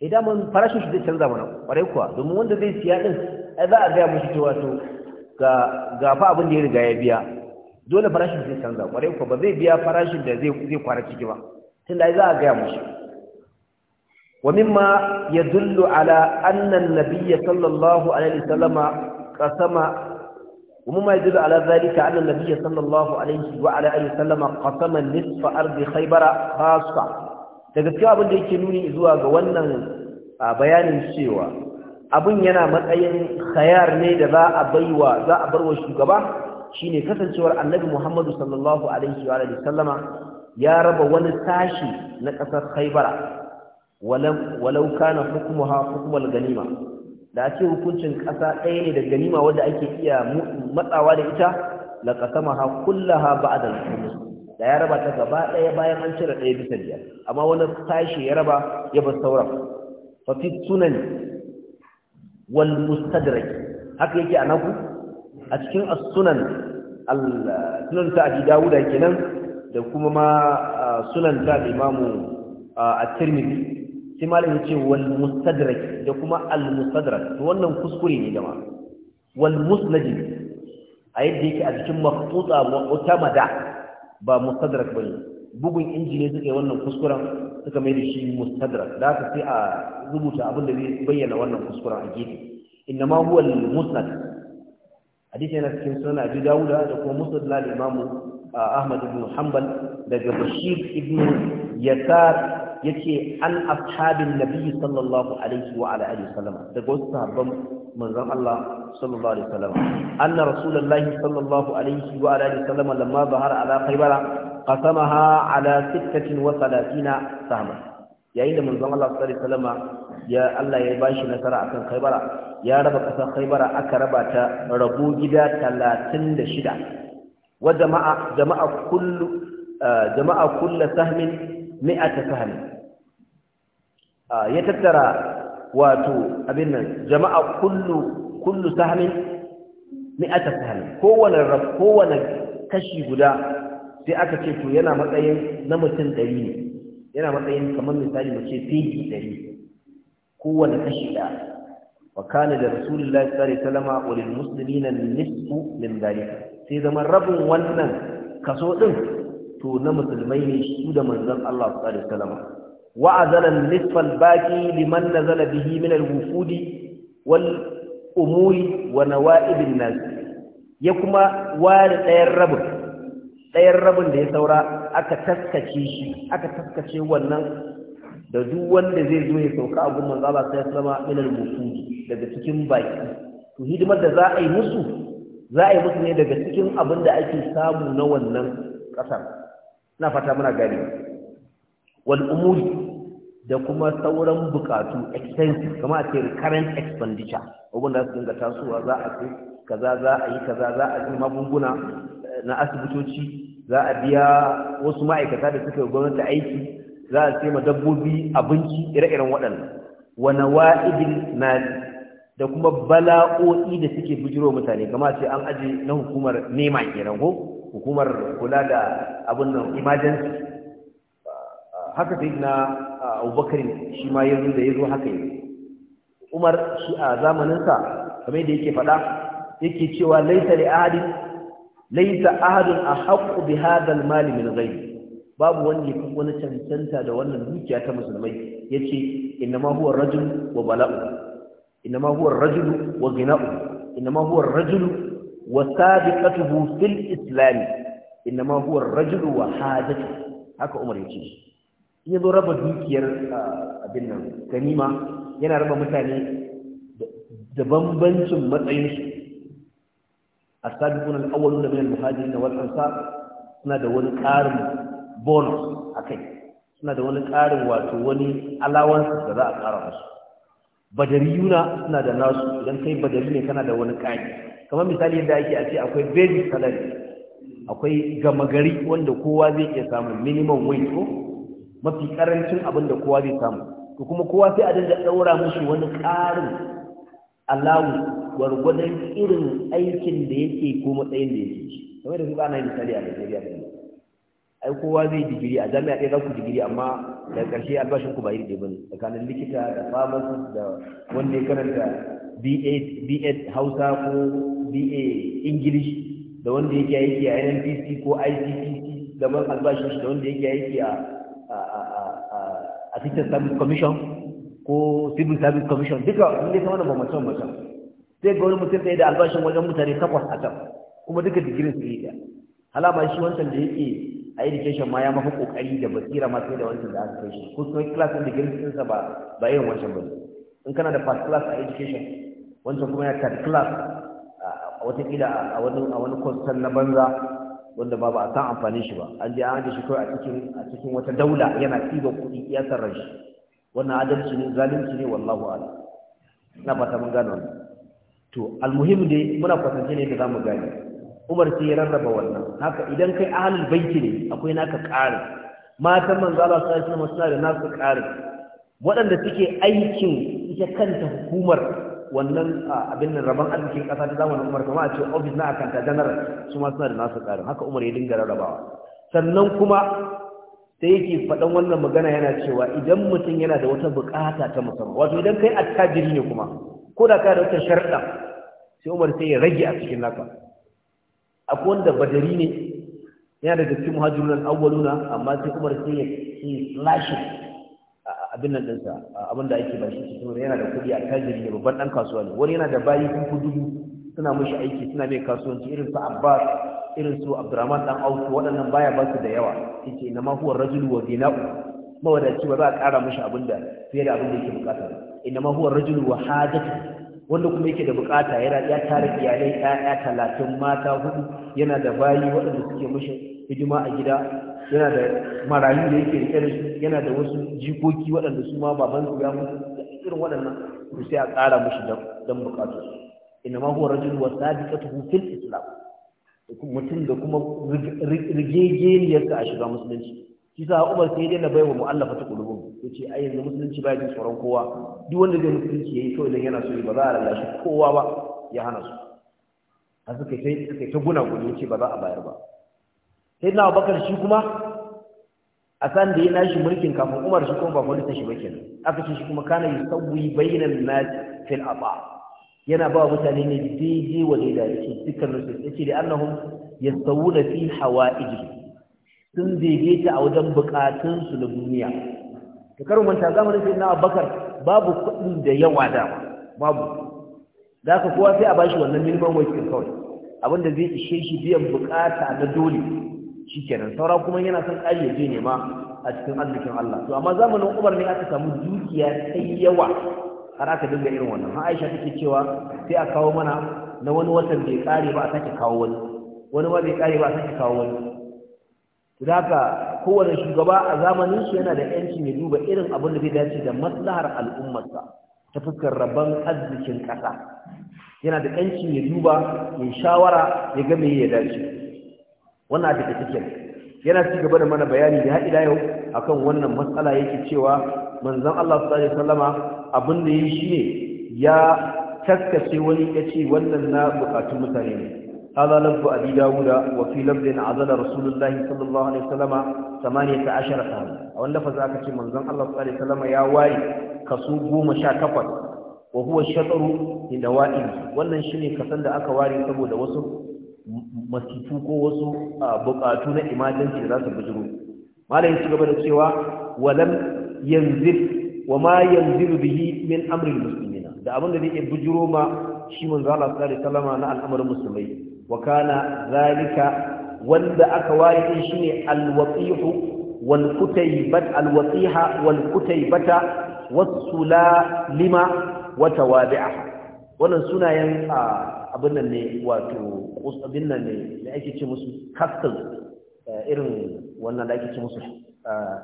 idan eh. eh, mun farashin shi zai canza mana kwarai kuwa domin wanda zai siya din za a gaya mashi cewa to ga gafa abin da ya riga ya biya dole farashin zai canza kwarai ko ba zai biya farashin da zai kwara ciki ba tunda ai za a gaya mushi ya يدل ala Annan, Nabiya, sallallahu alaihi عليه وسلم قسم ومما يدل على ذلك أن النبي صلى الله عليه وعلى آله sallama, قسم نصف أرض خيبر خاصة daga cikin abin da yake nuni zuwa ga wannan bayanin cewa abin yana matsayin khayar ne da za a baiwa za a barwa shugaba shine kasancewar annabi Muhammadu sallallahu alaihi wa sallama ya raba wani tashi na kasar Khaybara walau kana hukmuha ganima da ce hukuncin kasa ɗaya ne da ganima wanda ake iya matsawa da ita la qasamaha kullaha ba'da al-khumus da ya raba ta gaba ɗaya bayan an cire ɗaya bisa biyar amma wani tashi ya raba ya bar sauran fa fi sunan wal mustadrak haka yake a naku a cikin as-sunan sunan ta abi dawuda kenan da kuma ma sunan ta imamu at-tirmidhi sai malam yace wal mustadrak da kuma al mustadrak to wannan kuskure ne jama'a wal musnad a yadda yake a cikin makhtuta mu'tamada ba mustadrak ne. bugun injine suka yi wannan kuskuren suka mai da shi mustadrak da haka sai a rubuta abin da zai bayyana wannan kuskuren a gefe inna ma huwa al-musnad hadisi yana cikin sunan Abi Dawud da kuma Musnad na Imam Ahmad ibn Hanbal daga Bashir ibn Yasar yace an ashabin Nabi sallallahu alaihi wa ala alihi wasallam daga wasu sahabban manzon Allah sallallahu alaihi wasallam anna rasulullahi sallallahu alaihi wa ala alihi wasallam lamma bahara ala khaybara qasamaha ala 36 sahman yayin da manzon Allah sallallahu alaihi wasallama ya Allah ya bashi nasara akan Khaibara ya raba kasar Khaibara aka raba ta rabo gida 36 wa jama'a jama'a kullu jama'a kullu sahmin 100 ya tattara wato abin nan jama'a kullu kullu sahmin 100 sahmin kowanne kashi guda sai aka ce to yana matsayin na mutum 100 ne yana matsayin kamar misali mu ce fihi dari kowane kashi da wa da rasulullahi sallallahu alaihi wa lil nisfu min dalika sai zama rabin wannan kaso din to na musulmai ne su da manzon Allah sallallahu alaihi wasallam wa azala nisfa al baqi liman nazala bihi min al wal umuri wa nawaib an nas ya kuma ware ɗayan rabin ɗayan rabin da ya saura aka taskace shi aka taskace wannan da duk wanda zai zo ya sauka a gumman zaba sai ya zama ilal musu daga cikin baki to hidimar da za a yi musu za a yi musu ne daga cikin abin da ake samu na wannan ƙasar na fata muna gani wal umuri da kuma sauran bukatu expenses kama a ce current expenditure abin da su dinga tasowa za a kaza za a yi kaza za a yi magunguna na asibitoci za a biya wasu ma'aikata da suka gwamnati aiki za a sai ma dabbobi abinci ire-iren waɗannan wani wa'idin na da kuma bala'o'i da suke bujiro mutane kama ce an aje na hukumar nema kenan ko hukumar kula da abin nan emergency haka sai na abubakar shi ma yanzu da ya zo haka yi umar shi a zamaninsa kamar da yake faɗa yake cewa laisa li laisa ahadun ahqqu bi hadha al-mal min ghayri babu wanda yake wani cancanta da wannan dukiya ta musulmai yace innama huwa ar-rajul wa bala'u innama huwa ar-rajul wa ghina'u innama huwa ar-rajul wa sabiqatuhu fil islam innama huwa ar-rajul wa Hadatu. haka umar yace in yazo raba dukiyar abin nan ganima yana raba mutane da bambancin matsayinsu السابقون الأولون من المهاجرين والأنصار suna da wani ƙarin bonus a kai suna da wani ƙarin wato wani allowance da za a ƙara musu badariyuna suna da nasu idan kai badari ne kana da wani ƙari kamar misali yadda ake a ce akwai basic salary akwai gama gari wanda kowa zai iya samu minimum wage ko mafi ƙarancin abin da kowa zai samu to kuma kowa sai a dinga ɗaura mishi wani ƙarin allowance gwargwadon irin aikin da yake ko matsayin da yake ci kamar da su ba na yin misali a Najeriya da ai kowa zai digiri a jami'a ɗaya za ku digiri amma daga ƙarshe albashin ku ba iri ɗaya ne tsakanin likita da pharmacist da wanda ya karanta B.A. Hausa ko B.A. English da wanda yake aiki a NNPC ko ICPC da man albashin shi da wanda yake aiki a Assistant Service Commission ko Civil Service Commission duka wanda ya sama da mamacin mamacin sai ga wani mutum ɗaya da albashin wajen mutane takwas a can kuma duka digirin su yi ɗaya halama shi wancan da yake a education ma ya mafi kokari da basira ma sai da wancan da aka kai shi ko kuma class ɗin digirin sa ba ba irin wancan ba in kana da first class a education wancan kuma ya third class a watakila a wani a wani kwastan na banza wanda ba ba a san amfanin shi ba an je an aje shi kawai a cikin a cikin wata daula yana ɗiba kuɗi ya sarrafa shi wannan adalci ne zalunci ne wallahu a'lam na fata mun gane wannan to almuhim dai muna kwatance ne da zamu gani Umar sai ya rarraba wannan haka idan kai ahlul baiti ne akwai naka ƙari matan manzo Allah sallallahu alaihi wasallam da nasu ƙari waɗanda suke aikin ita kanta hukumar wannan abin nan rabon arzikin ƙasa ta zamanin Umar kuma a ce office na akanta ta general su ma suna da nasu ƙarin haka Umar ya dinga rarrabawa sannan kuma sai yake faɗan wannan magana yana cewa idan mutum yana da wata buƙata ta musamman wato idan kai attajiri ne kuma ko da ka da wata sharɗa sai umar sai ya rage a cikin naka akwai wanda badari ne yana daga cikin muhajirunan awwaluna amma sai umar sai ya lashe abin nan ɗinsa abin da ake bashi cikin yana da kuɗi a tajiri ne babban ɗan kasuwa ne wani yana da bayi sun fi dubu suna mashi aiki suna mai kasuwanci irin su abbas irin su abdurrahman dan auku waɗannan baya ba su da yawa Yake na mahuwar rajulu wa dina'u mawadaci ba za a ƙara mashi abin da fiye da abin da yake bukata inama huwa rajul wa hajatu wanda kuma yake da bukata yana ya tare iyalai ɗaya talatin mata hudu yana da bayi waɗanda suke mishi hidima a gida yana da marayu da yake rike da su yana da wasu jikoki waɗanda su ma baban su ya mutu irin waɗannan to sai a ƙara mishi dan bukatu inama huwa rajul wa sadiqatu fil islam mutum da kuma rigegeniyarsa a shiga musulunci shi sa Umar sai dai na bai mu'allafa ta kulubun ya ce a yanzu musulunci ba jin tsoron kowa duk wanda zai musulunci ya yi kawai don yana so ba za a shi kowa ba ya hana su a suka suka ta guna gudu ya ce ba za a bayar ba sai na bakar shi kuma a san da ya nashi mulkin kafin umar shi kuma ba ta shi ba kenan aka ce shi kuma kana yi sauyi bayanan na fil aba yana ba mutane ne daidai wa daidai ya ce dukkanin su ya ce da annahum ya fi hawa sun daidaita a wajen bukatunsu na duniya to manta zamanin sai na Abakar babu kuɗi da yawa da babu da ka kowa sai a bashi wannan minimum wage ɗin kawai abinda zai ishe shi biyan bukata na dole shi kenan saura kuma yana son ƙari ya je nema a cikin arzikin Allah to amma zamanin Umar ne aka samu dukiya sai yawa har aka dinga irin wannan har Aisha take cewa sai a kawo mana na wani watan bai kare ba a sake kawo wani wani ma bai kare ba a sake kawo wani haka kowane shugaba a zamanin su, yana da yanci mai duba irin abin da zai dace da maslahar al'ummarsa ta fuskar rabon arzikin ƙasa yana da yanci ya duba mai shawara ya ga ya dace wannan da cikin yana ci gaba da mana bayani da haɗi yau akan wannan matsala yake cewa manzon Allah sallallahu alaihi wasallama abin da yi shine ya taskace wani yace wannan na bukatun mutane ne هذا لفظ أبي داود وفي لفظ عزل رسول الله صلى الله عليه وسلم ثمانية عشر سنة أو لفظ أكتش من زن الله صلى الله عليه وسلم يا واري كسوبه مشاكفة وهو الشطر لنوائل wannan shine kasan da aka ware saboda wasu masifu ko wasu bukatu na emergency da za su bujiro malamin ci da cewa walam yanzil wa ma min amri da abin da zai bujiro ma shi manzo Allah sallallahu alaihi wasallam na al'amarin musulmai Wakana kana zalika wanda aka ware din shine alwatihu wal kutaybat alwatiha wal kutaybata wasula lima wa tawabi'aha wannan sunayen abin nan ne wato abin nan ne da ake ce musu castles eh, irin wannan da ake ce musu eh,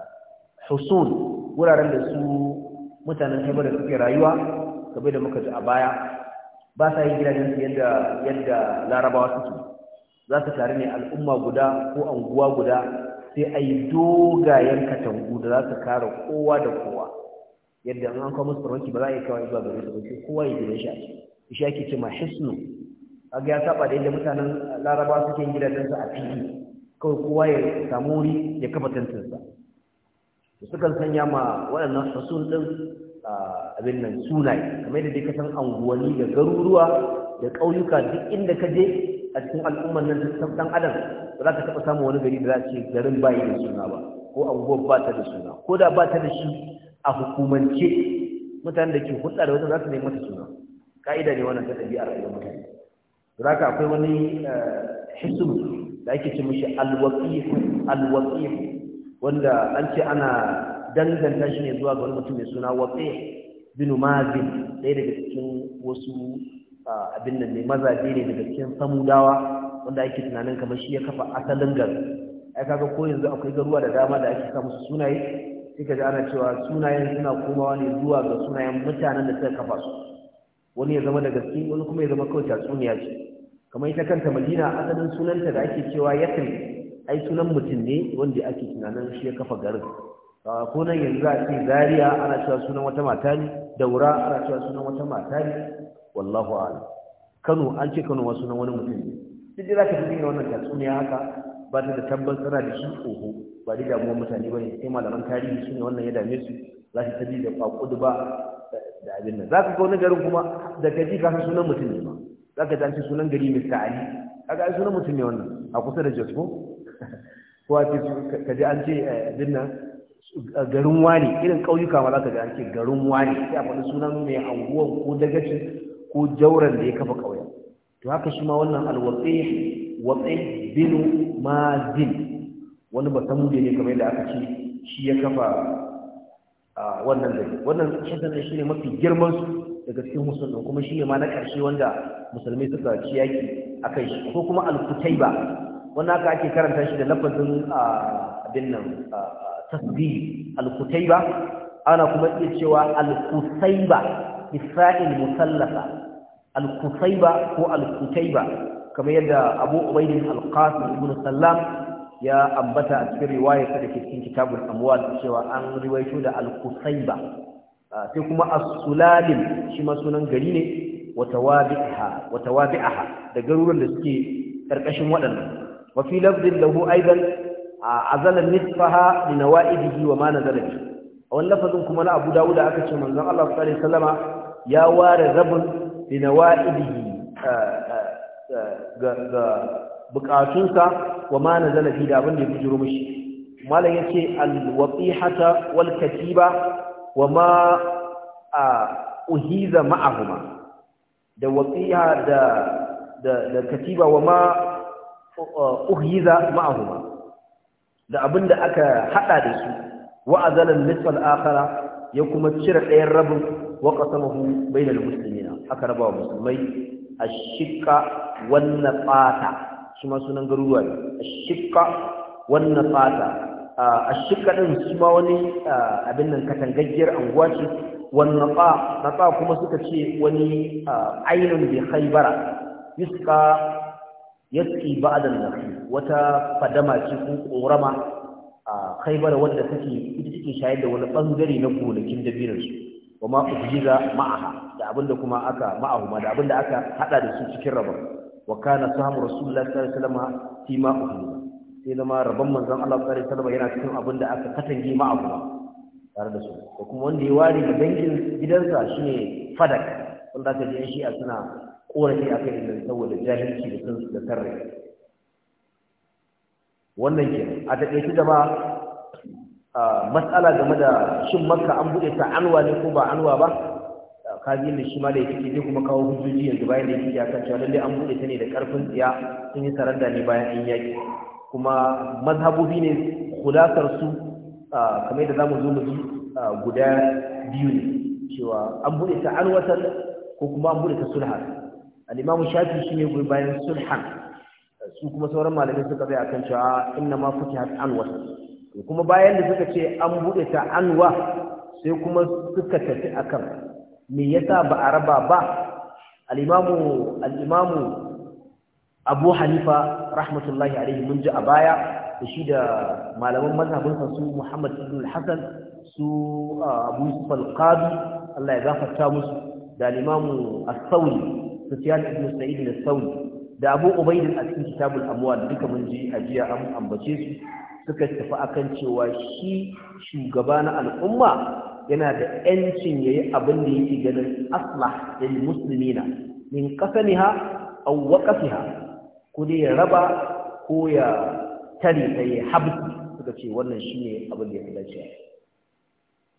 husul wuraren da su mutanen haibar da suke rayuwa game da muka ji a baya ba sa yin gidajen su yadda yadda larabawa suke za su tare ne al'umma guda ko anguwa guda sai a yi dogayen katangu da za su kare kowa da kowa yadda an kawo musu farmaki ba za a yi kawai zuwa gari su sai kowa ya gidan shi a ciki ake ce ma hisnu ga ya saba da yadda mutanen larabawa suke yin gidajen su a fili kawai kowa ya samu wuri ya kafa tantansa sukan sanya ma waɗannan fasun ɗin abin nan sunaye kamar da duka san anguwanni da garuruwa da ƙauyuka duk inda ka je a cikin al'ummar nan ta dan adam ba za ka taɓa samun wani gari da za a ce garin bayi da suna ba ko anguwar ba ta da suna ko da ba ta da shi a hukumance mutanen da ke hulɗa da wata za su nemi mata suna ka'ida ne wannan ta ɗabi'a rayuwar mutane za ka akwai wani eh, hisum da ake ce mishi alwaƙihu alwaƙihu wanda an ce ana danganta shi ne zuwa ga wani mutum mai suna watsi binu mazin ɗaya daga cikin wasu abin nan ne mazaje ne daga cikin samudawa wanda ake tunanin kamar shi ya kafa asalin gar ai kaga ko yanzu akwai garuwa da dama da ake sa musu sunaye sai ka ji ana cewa sunayen suna komawa ne zuwa ga sunayen mutanen da suka kafa su wani ya zama da gaske wani kuma ya zama kawai tatsuniya ce kamar ita kanta madina asalin sunanta da ake cewa yakin ai sunan mutum ne wanda ake tunanin shi ya kafa garin ko nan yanzu a ce zariya ana cewa sunan wata mata ne daura ana cewa sunan wata mata ne wallahu a'lam kano an ce kano wasu nan wani mutum ne duk da zaka fi wannan tatsuni haka ba ta da tabbas tana da shi oho ba da damuwar mutane ba ne sai malaman tarihi sune wannan ya dame su za su tabi da kwakudu ba da abin nan za ka ga wani garin kuma da gaji ka san sunan mutum ne ma za ka ji sunan gari Mr. Ali kaga ai sunan mutum ne wannan a kusa da Jos ko a ce ka ji an ce eh, abin nan garin wane irin ƙauyuka ma za ka ga garin wane sai a faɗi sunan mai anguwan ko dagacin ko jauren da ya kafa kauya? to haka shi ma wannan alwatsi watsi binu mazin wani ba basamuje ne kamar yadda aka ce shi ya kafa wannan gari wannan shaddan shi ne mafi girman su daga cikin musulmi kuma shi ne ma na ƙarshe wanda musulmi suka ci yaki a kai shi ko kuma alkutai ba wannan aka ake karanta shi da lafazin abin nan tasbih al ana kuma iya cewa al-kusaiba bisa'il musallafa al ko al-kutaiba kamar yadda Abu Ubayd al-Qasim ibn Sallam ya ambata a cikin riwayar da ke cikin kitabul amwal cewa an riwayo da al ah, sai kuma as-sulalim shi ma sunan gari ne watawabi'aha watawabi'aha da garuruwan da suke karkashin waɗannan wa fi lafzin lahu aidan azala nisfaha li nawaidihi wa ma nazala bi a wannan lafazin kuma na Abu Dawud aka ce manzon Allah sallallahu alaihi wasallama ya ware rabin li nawaidihi eh, eh, eh, ga ga bukatunsa wa ma nazala bi da abin da ya bujuro mishi malam yace al-waqihata wal katiba wa ma uhiza ma'ahuma da waqiha da da katiba wa ma uh, uhiza ma'ahuma da abin da aka haɗa da su wa azalan nisfal akhara ya kuma cire ɗayan rabin wa qasamahu bainal muslimina aka raba wa musulmai ashqa wannan nafata shi ma sunan garuruwa ne ashqa wan nafata ashqa ɗin shi ma wani abin nan katangaggiyar anguwa ce wan nafa nafa kuma suka ce wani ainun bi khaybara yusqa yasqi ba'da al-naqi wata fadama ce ko korama a khaybar wanda take ita take shayar da wani bangare na gonakin dabirar su Kuma ujiza ma'aha da abinda kuma aka ma'ahuma da abinda aka hada da su cikin rabar. wa kana sahabu rasulullahi sallallahu alaihi wasallam fi ma ujiza sai ma rabon manzon Allah sallallahu alaihi wasallam yana cikin abinda aka katange ma'ahuma tare da su ko kuma wanda ya ware da dangin gidansa shine fadak wanda aka ji shi a suna korafi a kai da saboda jahilci da sun da tarre wannan ke a taƙaice da ba matsala game da shin makka an buɗe ta anwa ne ko ba anwa ba Ka kaji da shi ma da ya fi zai kuma kawo hujjoji yanzu bayan da yake ya kan cewa lallai an buɗe ta ne da ƙarfin tsiya sun yi saranda ne bayan an yaƙi kuma mazhabobi ne kulasar su kamar yadda za zo mu ji guda biyu ne cewa an buɗe ta anwatar ko kuma an buɗe ta sulhar al-imamu shafi shine goyi bayan sulhan su kuma sauran malamai suka bai akan cewa inna ma futihat anwa kuma bayan da suka ce an bude ta anwa sai kuma suka tafi akan me yasa ba a raba ba al-imamu al-imamu abu hanifa rahmatullahi alaihi mun ji a baya da shi da malaman mazhabinsa su muhammad ibn al-hasan su uh, abu yusuf al-qadi Allah ya gafarta musu da al-imamu as Sufyan ibn Sa'id al-Thawri da Abu Ubayd a cikin kitabul amwal duka mun ji ajiya an ambace su suka tafi akan cewa shi shugaba na al'umma yana da yancin yayi abin da yake ganin aslah lil muslimina min qasamiha aw waqafiha ko dai ya raba ko ya tare sai habs suka ce wannan shine abin da ya dace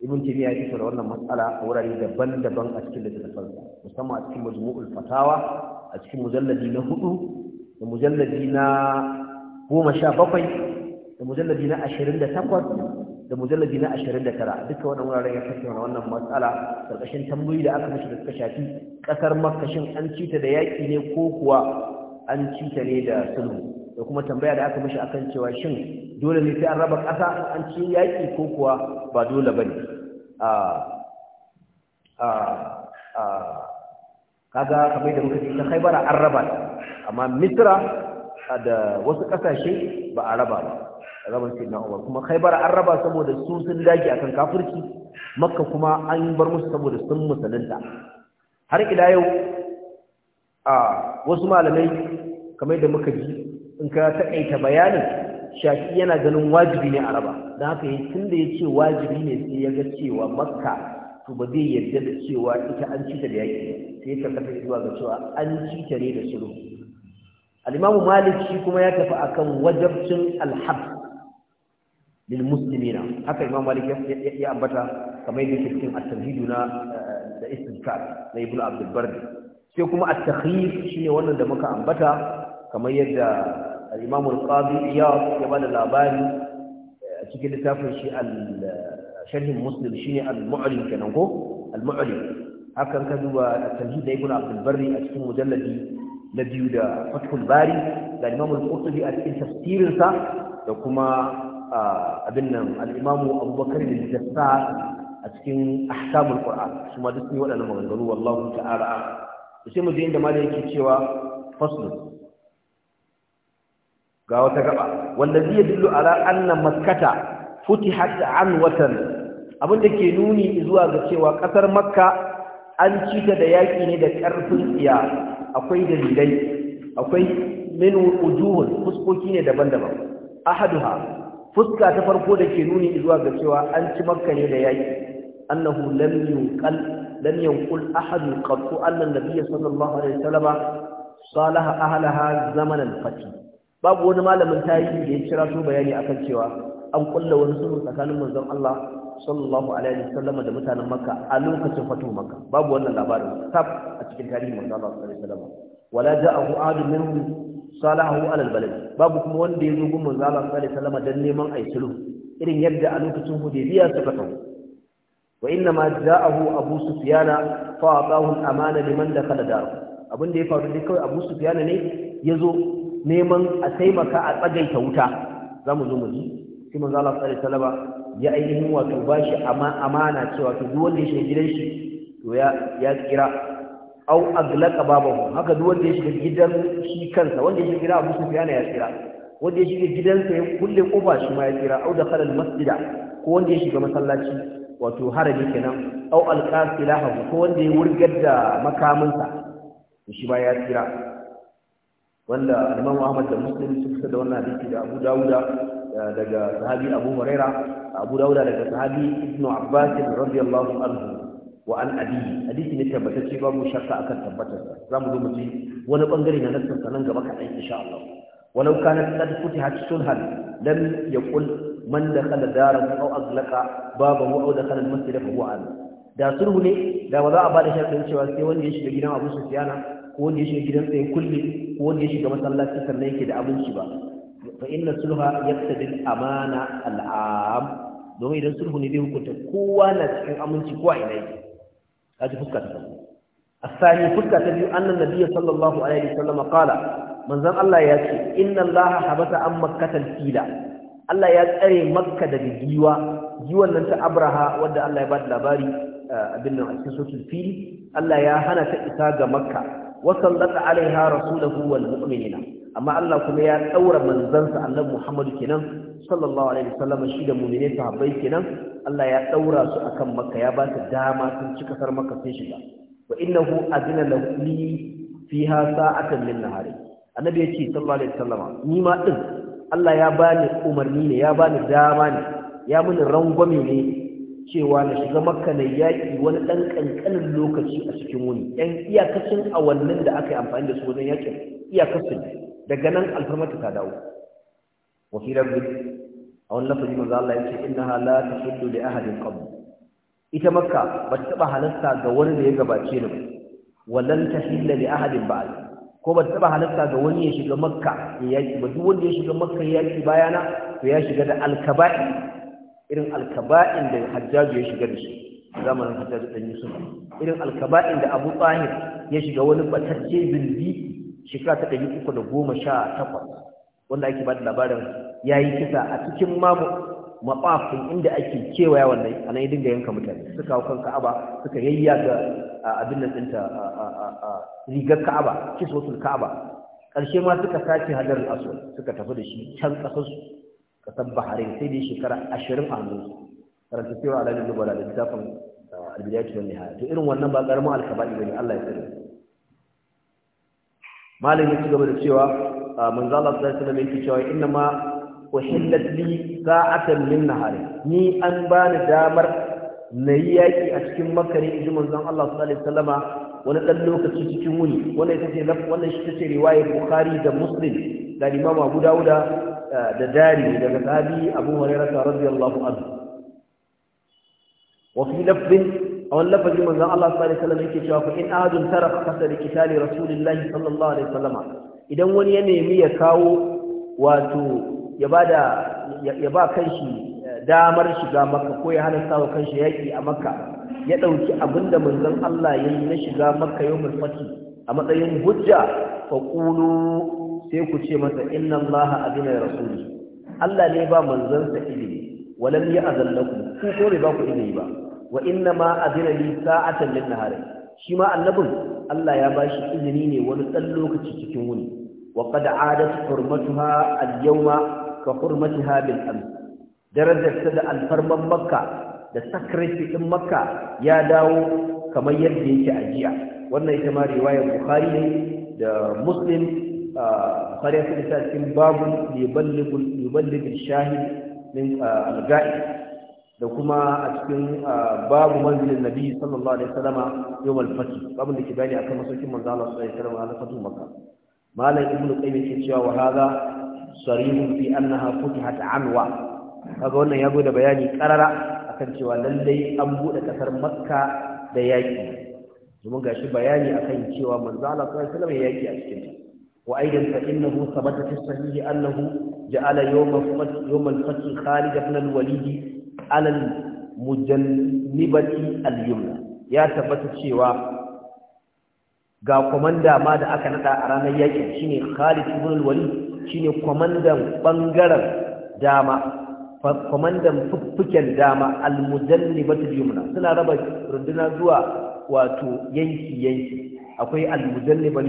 ibn taymiya ya da wannan matsala a wurare daban-daban a cikin littattafansa musamman a cikin majmu'ul fatawa a cikin mujalladi na hudu da mujalladi na goma sha bakwai da mujalladi na ashirin da takwas da mujalladi na ashirin da tara duka wannan wuraren ya da wannan matsala ƙarƙashin tambayoyi da aka mishi da suka shafi ƙasar makashin an ci ta da yaƙi ne ko kuwa an ci ta ne da sulhu da kuma tambaya da aka mishi akan cewa shin dole ne sai an raba ƙasa an ci yaƙi ko kuwa ba dole bane a a a kaga kamar da muka ce ta Khaibara an raba amma Misra da wasu ƙasashe ba a raba ba rabar sai na Umar kuma Khaibara an raba saboda su sun dage akan kafirci Makka kuma an bar musu saboda sun musulunta har ila yau a wasu malamai kamar da muka ji in ka taƙaita bayanin shafi yana ganin wajibi ne a raba don haka tun da ya ce wajibi ne sai ya ga cewa makka to ba zai yarda da cewa ita an cita da yaƙi sai ka kafa zuwa ga cewa an cita ne da sulhu Alimamu imamu malik shi kuma ya tafi akan wajabcin al-habs lil muslimina haka imam malik ya ambata kamar yadda yake cikin at-tawhid na eh, da istinkar na ibnu abdul bardi sai kuma at-takhir shine wannan da muka ambata kamar yadda al-Imam al-Qadi Iyad ya bada labari a eh, cikin littafin shi al eh, Muslim shine al-Mu'lim kenan ko al-Mu'lim hakan ka duba tarjih da Ibn Abdul a cikin mujalladi na biyu da Fathul Bari da Imam al-Qurtubi a cikin tafsirin da kuma ah, abin nan al-Imam Abubakar al-Jassar a cikin Ahkamul Qur'an kuma duk ne waɗannan maganganu wallahu ta'ala sai mu je inda malai yake cewa faslun ga wata gaba wallazi yadullu ala anna makkata futihat an watan abinda ke nuni zuwa ga cewa kasar makka an ci ta da yaki ne da karfin iya. akwai dalilai akwai min wujuhun fuskoki ne daban-daban ahaduha fuska ta farko da ke nuni zuwa ga cewa an ci makka ne da yaki annahu lam yunqal lam yanqul ahadun qattu anna nabiyya sallallahu alaihi salaha ahlaha zamanan fatih babu wani malamin tarihi da ya kira su bayani akan cewa an kulla wani sulhu tsakanin manzon Allah sallallahu alaihi wasallam da mutanen Makka a lokacin fatu Makka babu wannan labarin tab a cikin tarihi manzon Allah sallallahu alaihi wasallam wala ja'ahu adun minhum salahu ala albalad babu kuma wanda ya zo gun manzon Allah sallallahu alaihi wasallam dan neman ai sulhu irin yadda a lokacin Hudaybiya suka tafi wa inna ma ja'ahu Abu Sufyan fa ataahu al-amana liman dakhala dar abin da ya faru dai kawai Abu Sufyan ne yazo neman a taimaka a tsagaita wuta za mu zo mu ji sai manzo Allah sallallahu alaihi wasallam ya ainihin wato bashi amana cewa to duk wanda ya shiga gidan shi to ya ya kira au aglaqa babahu haka duk wanda ya shiga gidan shi kansa wanda ya shiga gidan Abu Sufyan ya kira wanda ya shiga gidansa ya kulle kofa shi ma ya kira au dakhala al-masjida ko wanda ya shiga masallaci wato harami kenan au alqasilahu ko wanda ya wurgar da makaminsa shi ba ya kira wanda Imam Ahmad da Muslim suka da wannan hadisi da Abu Dawuda eh, daga sahabi Abu Huraira Abu Dawuda daga sahabi Ibn Abbas radiyallahu anhu wa an abi hadisi ne tabbatacce babu shakka akan tabbatar Za mu zo mu ji wani bangare na nassin sanan gaba kaɗan insha Allah walau kanat qad futihat sulhan lam yaqul man dakhala daran aw aghlaqa babahu aw dakhala al-masjid fa huwa da sulhu ne da ba za a ba bada sharadin cewa sai wanda ya shiga gidan Abu Sufyana ko wanda ya shiga gidan tsaye kulli, ko wanda ya shiga masallaci sannan yake da abinci ba fa inna sulha yaqtadi al-amana al'am. am domin idan sulhu ne zai hukunta kowa na cikin aminci ko a ina yake kaji fuska ta asali fuska ta biyu annan nabiyyi sallallahu alaihi wasallam qala manzon Allah ya ce inna allaha habata an makkata fila Allah ya tsare makka daga giwa giwan nan ta abraha wadda Allah ya ba da labari eh, abin nan a cikin sotul fili Allah ya hana ta isa ga makka وسلط عليها رسوله na. amma Allah kuma ya daura manzansa Annabi Muhammadu kenan sallallahu alaihi wasallam shi da mu'mini sahabbai kenan Allah ya daura su akan Makka ya ba su dama sun ci kasar Makka sai shiga wa innahu adina lahu fiha sa'atan min nahari Annabi yace sallallahu alaihi wasallam ni ma din Allah ya bani umarni ne ya bani dama ne ya mini rangwame ne cewa na shiga makka na yaƙi wani ɗan ƙanƙanin lokaci a cikin wuni ɗan iyakacin awannin da aka yi amfani da su wajen yaƙin iyakacin daga nan alfarmata ta dawo wa fi rabbi a wani lafazi manzo Allah ya ce hala ta tahillu li ahadin qabl ita makka ba ta taba halarta ga wani da ya gabace ni ba wallan tahilla li ahadin ba'd ko ba ta taba halarta ga wani ya shiga makka ya yaƙi ba duk wanda ya shiga makka ya yaƙi bayana to ya shiga da alkaba'i irin alkaba'in da hajjaju ya shiga da shi zamanin hajjaju ɗan yusuf irin alkaba'in da abu tsahir ya shiga wani batacce bilbi shekara ta ɗari uku da goma sha takwas wanda ake ba da labarin ya yi kisa a cikin mamu maɓafin inda ake kewaya wannan a nan dinga yanka mutane suka hau kan ka'aba suka yayya ga abin nan ɗinta rigar ka'aba kiswatul ka'aba ƙarshe ma suka sace hajar aswad suka tafi da shi can ƙasarsu Ka san bahrain sai dai shekara ashirin a hannun su. karanta cewa alhaji lubala da littafin albidiyatu wani haya to irin wannan ba karamin alkaba'i ne, allah ya tsare malam ya ci gaba da cewa manzo allah sallallahu alaihi wasallam yake cewa inna ma uhillat li sa'atan min nahari ni an bani damar nayi yaki a cikin makare inji manzon allah sallallahu alaihi wasallama wani ɗan lokaci cikin wuni wannan ita ce wannan shi ce riwayar bukhari da muslim da imam abu dawuda da dari daga sahabi abu hurairah radiyallahu anhu wa fi lafzin a wani manzo Allah sallallahu alaihi wasallam yake cewa in ahadun taraka qasada kitali rasulillahi sallallahu alaihi wasallam idan wani ya nemi ya kawo wato ya bada ya ba kanshi eh, damar shiga makka ko ya hana sawa kanshi yaki a makka ya dauki abinda manzon Allah yayi na shiga makka yau mulfati a matsayin hujja fa qulu sai ku ce masa inna allaha adina rasuli Allah ne ba manzansa ilimi walam ya azallaku ku ko ne ba ku ilimi ba wa inna ma adina li sa'atan min nahari shi ma annabin Allah ya ba shi izini ne wani dan lokaci cikin wuni wa qad adat hurmatuha al-yawma ka hurmatiha bil amr darajar da alfarman makka da sakrati din makka ya dawo kamar yadda yake a jiya wannan ita ma riwayar bukhari ne da muslim fariya ta cikin babu yuballigul shahid min al ga'i da kuma a cikin babu manzilin nabi sallallahu alaihi wasallama yawmal fath babu da ke bayani akan masaukin manzo Allah sallallahu alaihi wasallama na fatu maka malam ibnu qayyim ke cewa wa hadha sarihun fi annaha futihat anwa kaga wannan ya da bayani karara akan cewa lallai an bude kasar makka da yaki domin gashi bayani akan cewa manzo Allah sallallahu alaihi wasallama yaki a cikin ta وأيضا فإنه ثبت في الصحيح أنه جعل يوم الفتح يوم الفتح خالد بن الوليد على المجنبة اليمنى يا ثبت cewa ga komanda ma da aka nada a ranar yakin shine Khalid ibn al-Walid shine komandan bangaren dama komandan fuffuken dama al-mujannibatu al-yumna suna raba runduna zuwa wato yanki yanki akwai al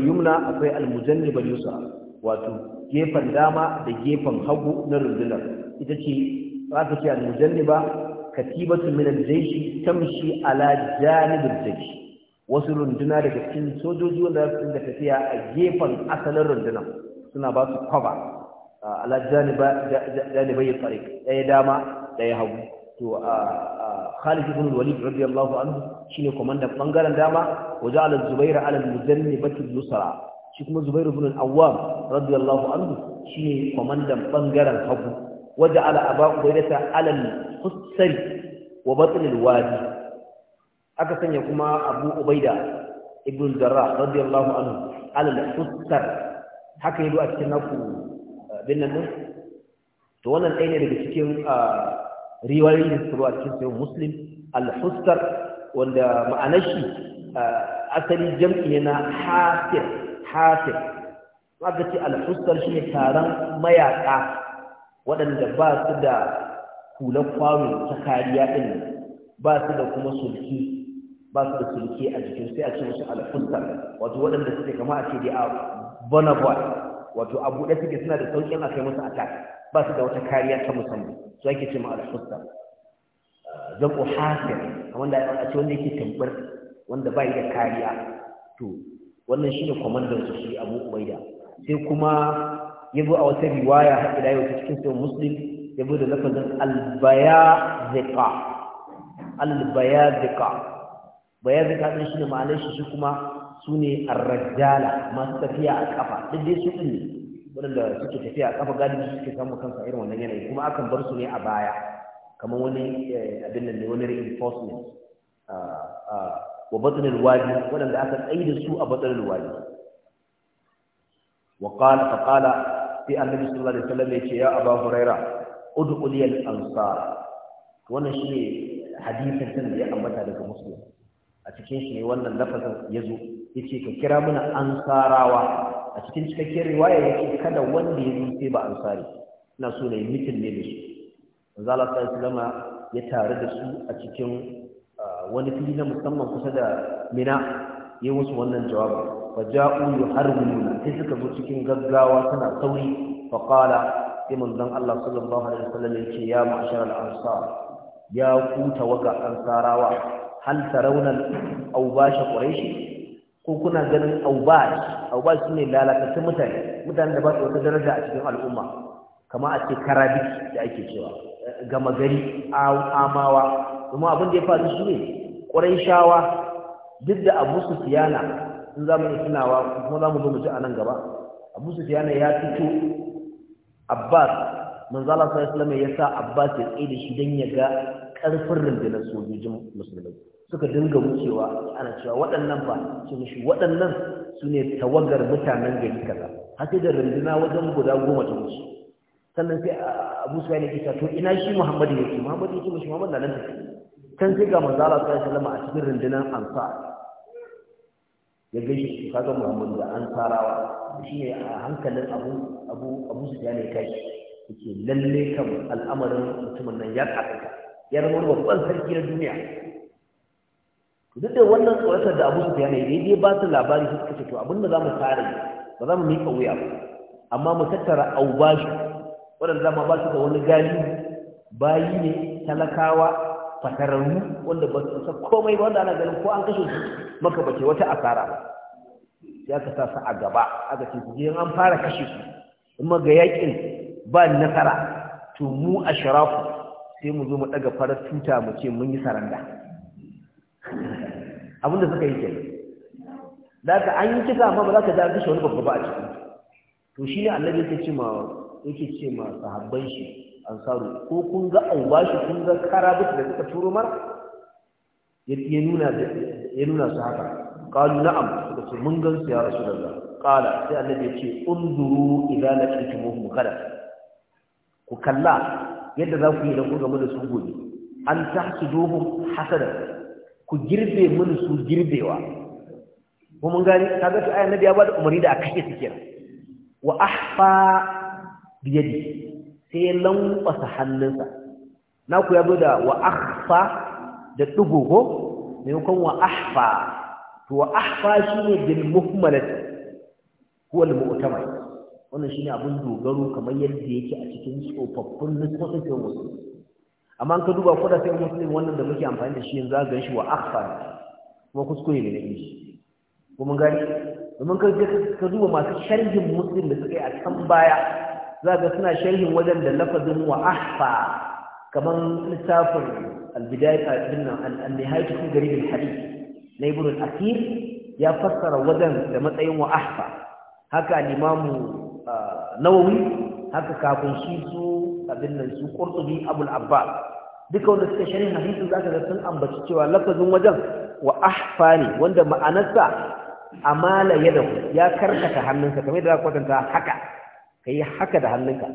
yumna akwai al-mujallibal yusra wato gefen dama da gefen hagu na rundunar ita ce za ta ce al katibatu min al tamshi ala janib wasu runduna daga cikin sojoji wanda su da tafiya a gefen asalin rundunar suna ba su cover ala janiba janibai tariq daya dama daya hagu to Khalid ibn Walid radiyallahu anhu shine komandan bangaren dama Waje ja'ala zubair ala al-muzannibati al-yusra shi kuma zubair ibn al-awwam radiyallahu anhu shine komandan bangaren hagu Waje ja'ala aba ubaidata ala al-husari wa batn al-wadi aka sanya kuma abu ubaida ibn jarrah radiyallahu anhu ala al-husar haka yado a cikin naku eh, bin nan to wannan ɗaya ne daga cikin ah, riwayoyin da suka zo a cikin sayyid muslim al-husar wanda ma'anar shi asali jam'i na hasir hasir aka ce alfustar shi ne taron mayaka waɗanda ba su da kula kwano ta kariya ɗin ba su da kuma sulki ba su da sulki a jikin sai a ce musu alfustar wato waɗanda suke kama a ce dai a bonaboy wato a buɗe suke suna da sauƙin a kai musu attack ba su da wata kariya ta musamman su ake ce ma alfustar jam'u hasir wanda a ce wanda yake tambar wanda bai da kariya to wannan shine komandan su shi Abu Ubaida sai kuma yabo a wata riwaya har ila yau cikin sai Muslim yabo da lafazin al-bayaziqa al-bayaziqa bayaziqa din shine ma'anar shi shi kuma sune ar-rajala masu tafiya a kafa duk dai su din wanda suke tafiya a kafa galibi suke samu kansa irin wannan yanayi kuma akan bar su ne a baya kamar wani eh, abin nan ne wani reinforcement wa batsanin wadi waɗanda aka tsaye da su a batsanin wadi wa ƙala ta ƙala sai annabi sallallahu alaihi wasallam ya ya aba huraira ud'u li al ansar wannan shi ne hadisin din da ya ambata daga muslim a cikin shi ne wannan lafazin ya zo yace ka kira mana ansarawa a cikin cikakken riwaya yake kada wanda ya zo sai ba ansari ina so na yi mitin ne da shi manzo Allah sallallahu ya tare da su a cikin wani fili na musamman kusa da Mina yayin musu wannan jawabi fa ja'u yuharbuna sai suka zo cikin gaggawa suna sauri fa qala sai manzon Allah sallallahu alaihi wasallam yace ya ma'shar al-ansar ya ku tawaga ansarawa hal tarawna awbash quraish ko kuna ganin awbash awbash ne lalatattun mutane mutanen da ba su wata daraja a cikin al'umma kama a ce karabiki da ake cewa gama gari amawa kuma abin da ya faru shi ne Ƙwarai Shawa. duk da abu su fiyana sun zama yi tunawa kuma za mu zo mace a nan gaba abu fiyana ya fito abbas manzala sallallahu alaihi ya sa abbas ya tsaye da shi don ya ga ƙarfin rundunar sojojin musulmai suka dinga wucewa ana cewa waɗannan ba su mishi waɗannan su ne tawagar mutanen gari kaza har da runduna wajen guda goma ta wuce sannan sai abu su yana kisa to ina shi muhammadu ya ce muhammadu ya ce mashi muhammadu na nan tafi can sai ga manzala su yana salama a cikin rundunar ansa ya gaishe kaga muhammadu da an tarawa shi ne a hankalin abu abu abu su yana kai yake lalle kan al'amarin mutumin nan ya kaɗa ya zama wani babban sarki na duniya duk da wannan tsoratar da abu su yana yi daidai ba su labari su suka ce to abinda za mu tare ba za mu miƙa wuya ba amma mu tattara aubashi waɗanda mu ba su da wani gani bayi ne talakawa fatararru wanda ba su sa komai ba wanda ana ganin ko an kashe su maka bace wata asara ba. Ya ka sa su a gaba aka ce su je an fara kashe su kuma ga yakin ba nasara to mu a sharafu sai mu zo mu daga farar tuta mu ce mun yi saranda abinda suka yi kenan da ka an yi kisa amma ba za ka ji an kashe wani babba ba a ciki to shi ne annabi yake ce ma yake ce ma sahabban shi ansaru ko kun ga bashi kun ga karabut da suka turo mar ya nuna ya nuna su haka qalu na'am suka ce mun gan su ya rasulullah qala sai annabi ya ce unzuru idza laqitumuhum kada ku kalla yadda za ku yi da ku game da su gobe an tahsiduhum hasada ku girbe mun su girbewa ko mun gani kaga to ayan nabi ya bada umarni da a kashe su kenan wa ahfa biyadi sai ya lankwasa hannunsa ku ya zo da wa ahfa da dugugo maimakon wa ahfa to wa ahfa ne bil muhmalati huwa al mu'tamad wannan shine abin dogaro kamar yadda yake a cikin tsofaffin nuskokin sai musulmi amma an ka duba ko da sai musulmi wannan da muke amfani da shi yanzu a ga shi wa ahfa kuma kuskure ne na shi. ko mun gani domin ka duba masu sharhin musulmi da suka yi a can baya za ga suna sharhin wajen da lafazin wa ahfa kaman littafin albidaya din al nihayatu fi gharib al-hadith na ibn al ya fassara wajen da matsayin wa ahfa haka al-imam ah, nawawi haka kafin shi su abin su qurtubi abul abbas duka wanda suka sharhin hadisin zaka ga sun ambaci cewa lafazin wajen wa ahfa ne wanda ma'anarsa amala yadahu ya karkata hannunsa kamar da kwatanta haka ka yi haka da hannunka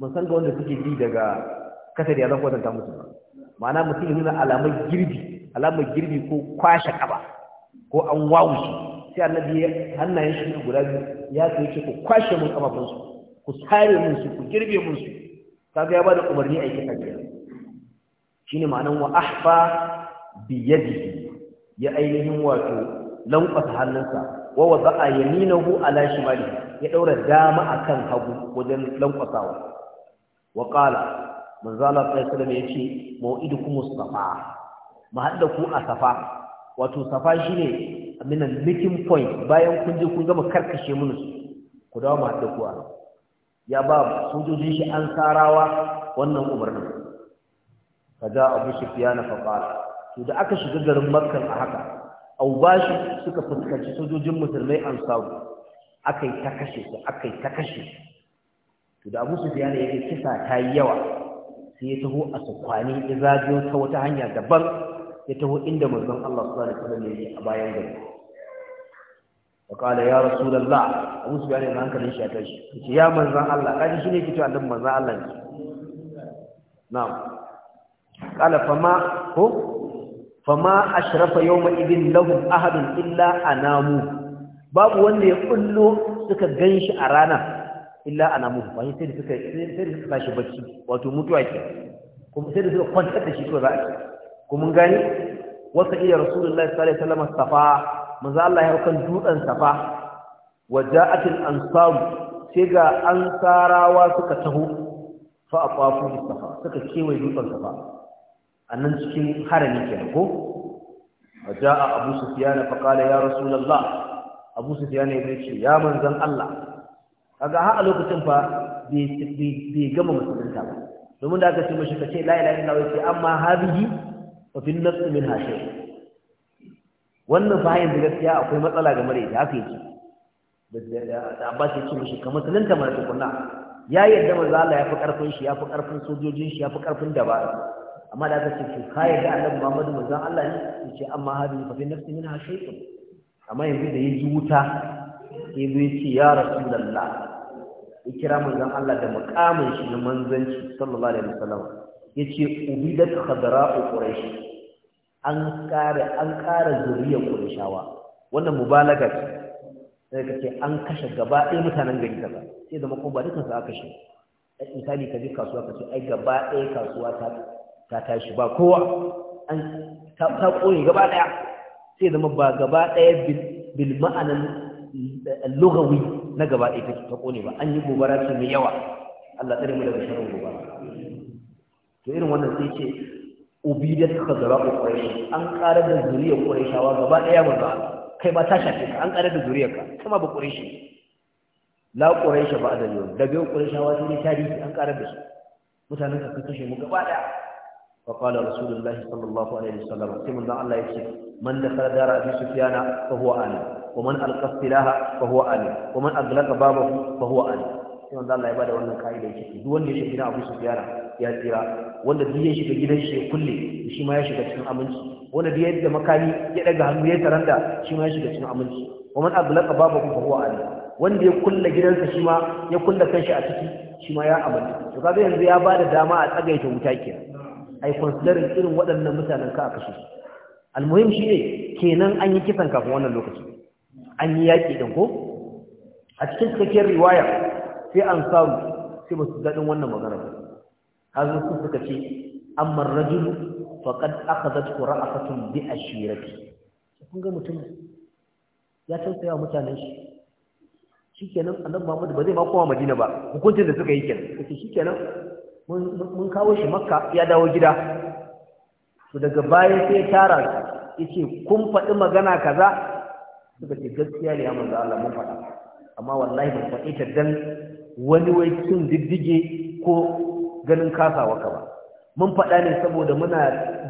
mun san ga wanda suke ji daga kasar ya zan kwatanta musu ba ma'ana mutum ya nuna alamar girbi alamar girbi ko kwashe kaba ko an shi sai annabi hannayen shi guda biyu ya kai yake ku kwashe mun su ku sare mun su ku girbe mun su kaga ya ba da umarni a yi kake shine ma'anan wa ahfa bi ya ainihin wato lankwasa hannunsa wa wada'a hu ala shimali ya daura dama akan hagu wajen lankwasawa wa qala manzo Allah sallallahu alaihi wasallam yace mau'idukum safa ma hadda ku a safa wato safa shine minan meeting point bayan kun je kun gama karkashe mun ku dawo ma hadda ku a ya ba sojojin shi an sarawa wannan umarnin kaza abu sufyan fa qala to da aka shiga garin makka a haka aubashi suka fuskanci sojojin musulmai ansaru aka yi ta kashe su aka yi ta kashe su to da abu sufiyana yake kisa ta yi yawa sai ya taho a sakwani ya zagayo ta wata hanya daban ya taho inda mazan Allah su zane kuma yake a bayan gari wa qala ya rasulullah abu sufiyana ya hankalin shi a tashi ya mazan Allah kaji ne ke cewa annabi mazan Allah ne na qala fama ko fama ashrafa yawma idin lahum ahadun illa anamu babu wanda ya kullo suka ganshi a rana illa anamu ba sai da suka sai da suka bashi bacci wato mutuwa ke kuma sai da suka kwantar da shi to za a ci kuma gani wasa iya rasulullahi sallallahu alaihi wasallam safa manzo Allah ya kan dutsen safa waja'at al-ansar sai ga ansarawa suka taho fa aqafu safa suka kewaye dutsen safa a nan cikin harami kenan ko waja a abu sufiyan fa qala ya rasulullah abu sufiyan ya ce ya manzon Allah kaga har a lokacin fa bai gama musulunta ba domin da aka ce mashi ka ce la ilaha illallah sai amma habihi fa fil nafs min hashay wannan bayan da gaskiya akwai matsala game da haka yake da Abbas ya ce mashi ka musulunta mara tukunna ya yarda manzo Allah ya fi karfin shi ya fi karfin sojojin shi ya fi karfin dabara amma da aka ce to ka da annabi Muhammadu manzon Allah ne yace amma hadi fa fi nafsi minha shay'un amma yanzu da ji wuta sai ya ce ya rasulullah ya kira manzon Allah da mukamin shi na manzanci sallallahu alaihi wasallam yace ubidat khadra'u quraish an kare an kare zuriyar qurayshawa wannan mubalaga ce sai ka ce an kashe gaba ɗaya mutanen gari kaza sai da makon ba dukansu aka kashe misali ka je kasuwa ka ce ai gaba ɗaya kasuwa ta ta tashi ba kowa an ta kone gaba daya sai zama ba gaba daya bil ma'anan eh, lugawi na gaba ɗaya take ta kone ba an yi gobara su mai yawa Allah tsare mu daga sharrin gobara to irin wannan sai ce ubidat khadra quraish an ƙara da zuriyar quraishawa gaba ɗaya manzo kai ma ta shafe ka an ƙara da zuriyar ka kuma ba quraish la quraish ba da yau daga quraishawa sai tarihi an ƙara da su mutanen ka kashe mu gaba ɗaya فقال رسول الله صلى الله عليه وسلم ثم الله يكشف من دخل دار أبي سفيان فهو آمن ومن ألقى السلاح فهو آمن ومن أغلق بابه فهو آمن ثم الله يبدا wannan kaida yake duk wanda ya shiga Abu Sufyan ya tsira wanda duk ya shiga gidan shi kulle shi ma ya shiga cikin aminci wanda duk yadda makami ya daga hannu ya taranda shi ma ya shiga cikin aminci ومن أغلق بابه فهو آمن wanda ya kulle gidansa shi ma ya kulle kanshi a ciki shi ma ya amince to kaga yanzu ya bada dama a tsagaita wuta kenan a yi considering irin waɗannan mutanen ka a kashe su almuhim shi ne kenan an yi kisan kafin wannan lokaci an yi yaƙi ɗin ko a cikin cikakken riwaya sai an samu sai ba su daɗin wannan magana ba zai su suka ce za su kura a kasan bi ashirati kun ga mutum ya yawa mutanen shi kenan annabi Muhammadu, ba zai ma kowa Madina ba hukuncin da suka yi kenan mun kawo shi makka ya dawo gida to daga baya sai ya tara ce kun faɗi magana kaza suka ce gaskiya ne ya manzo Allah mun faɗa amma wallahi ban faɗi ta dan wani wai kin diddige ko ganin kasawa ka ba mun faɗa ne saboda muna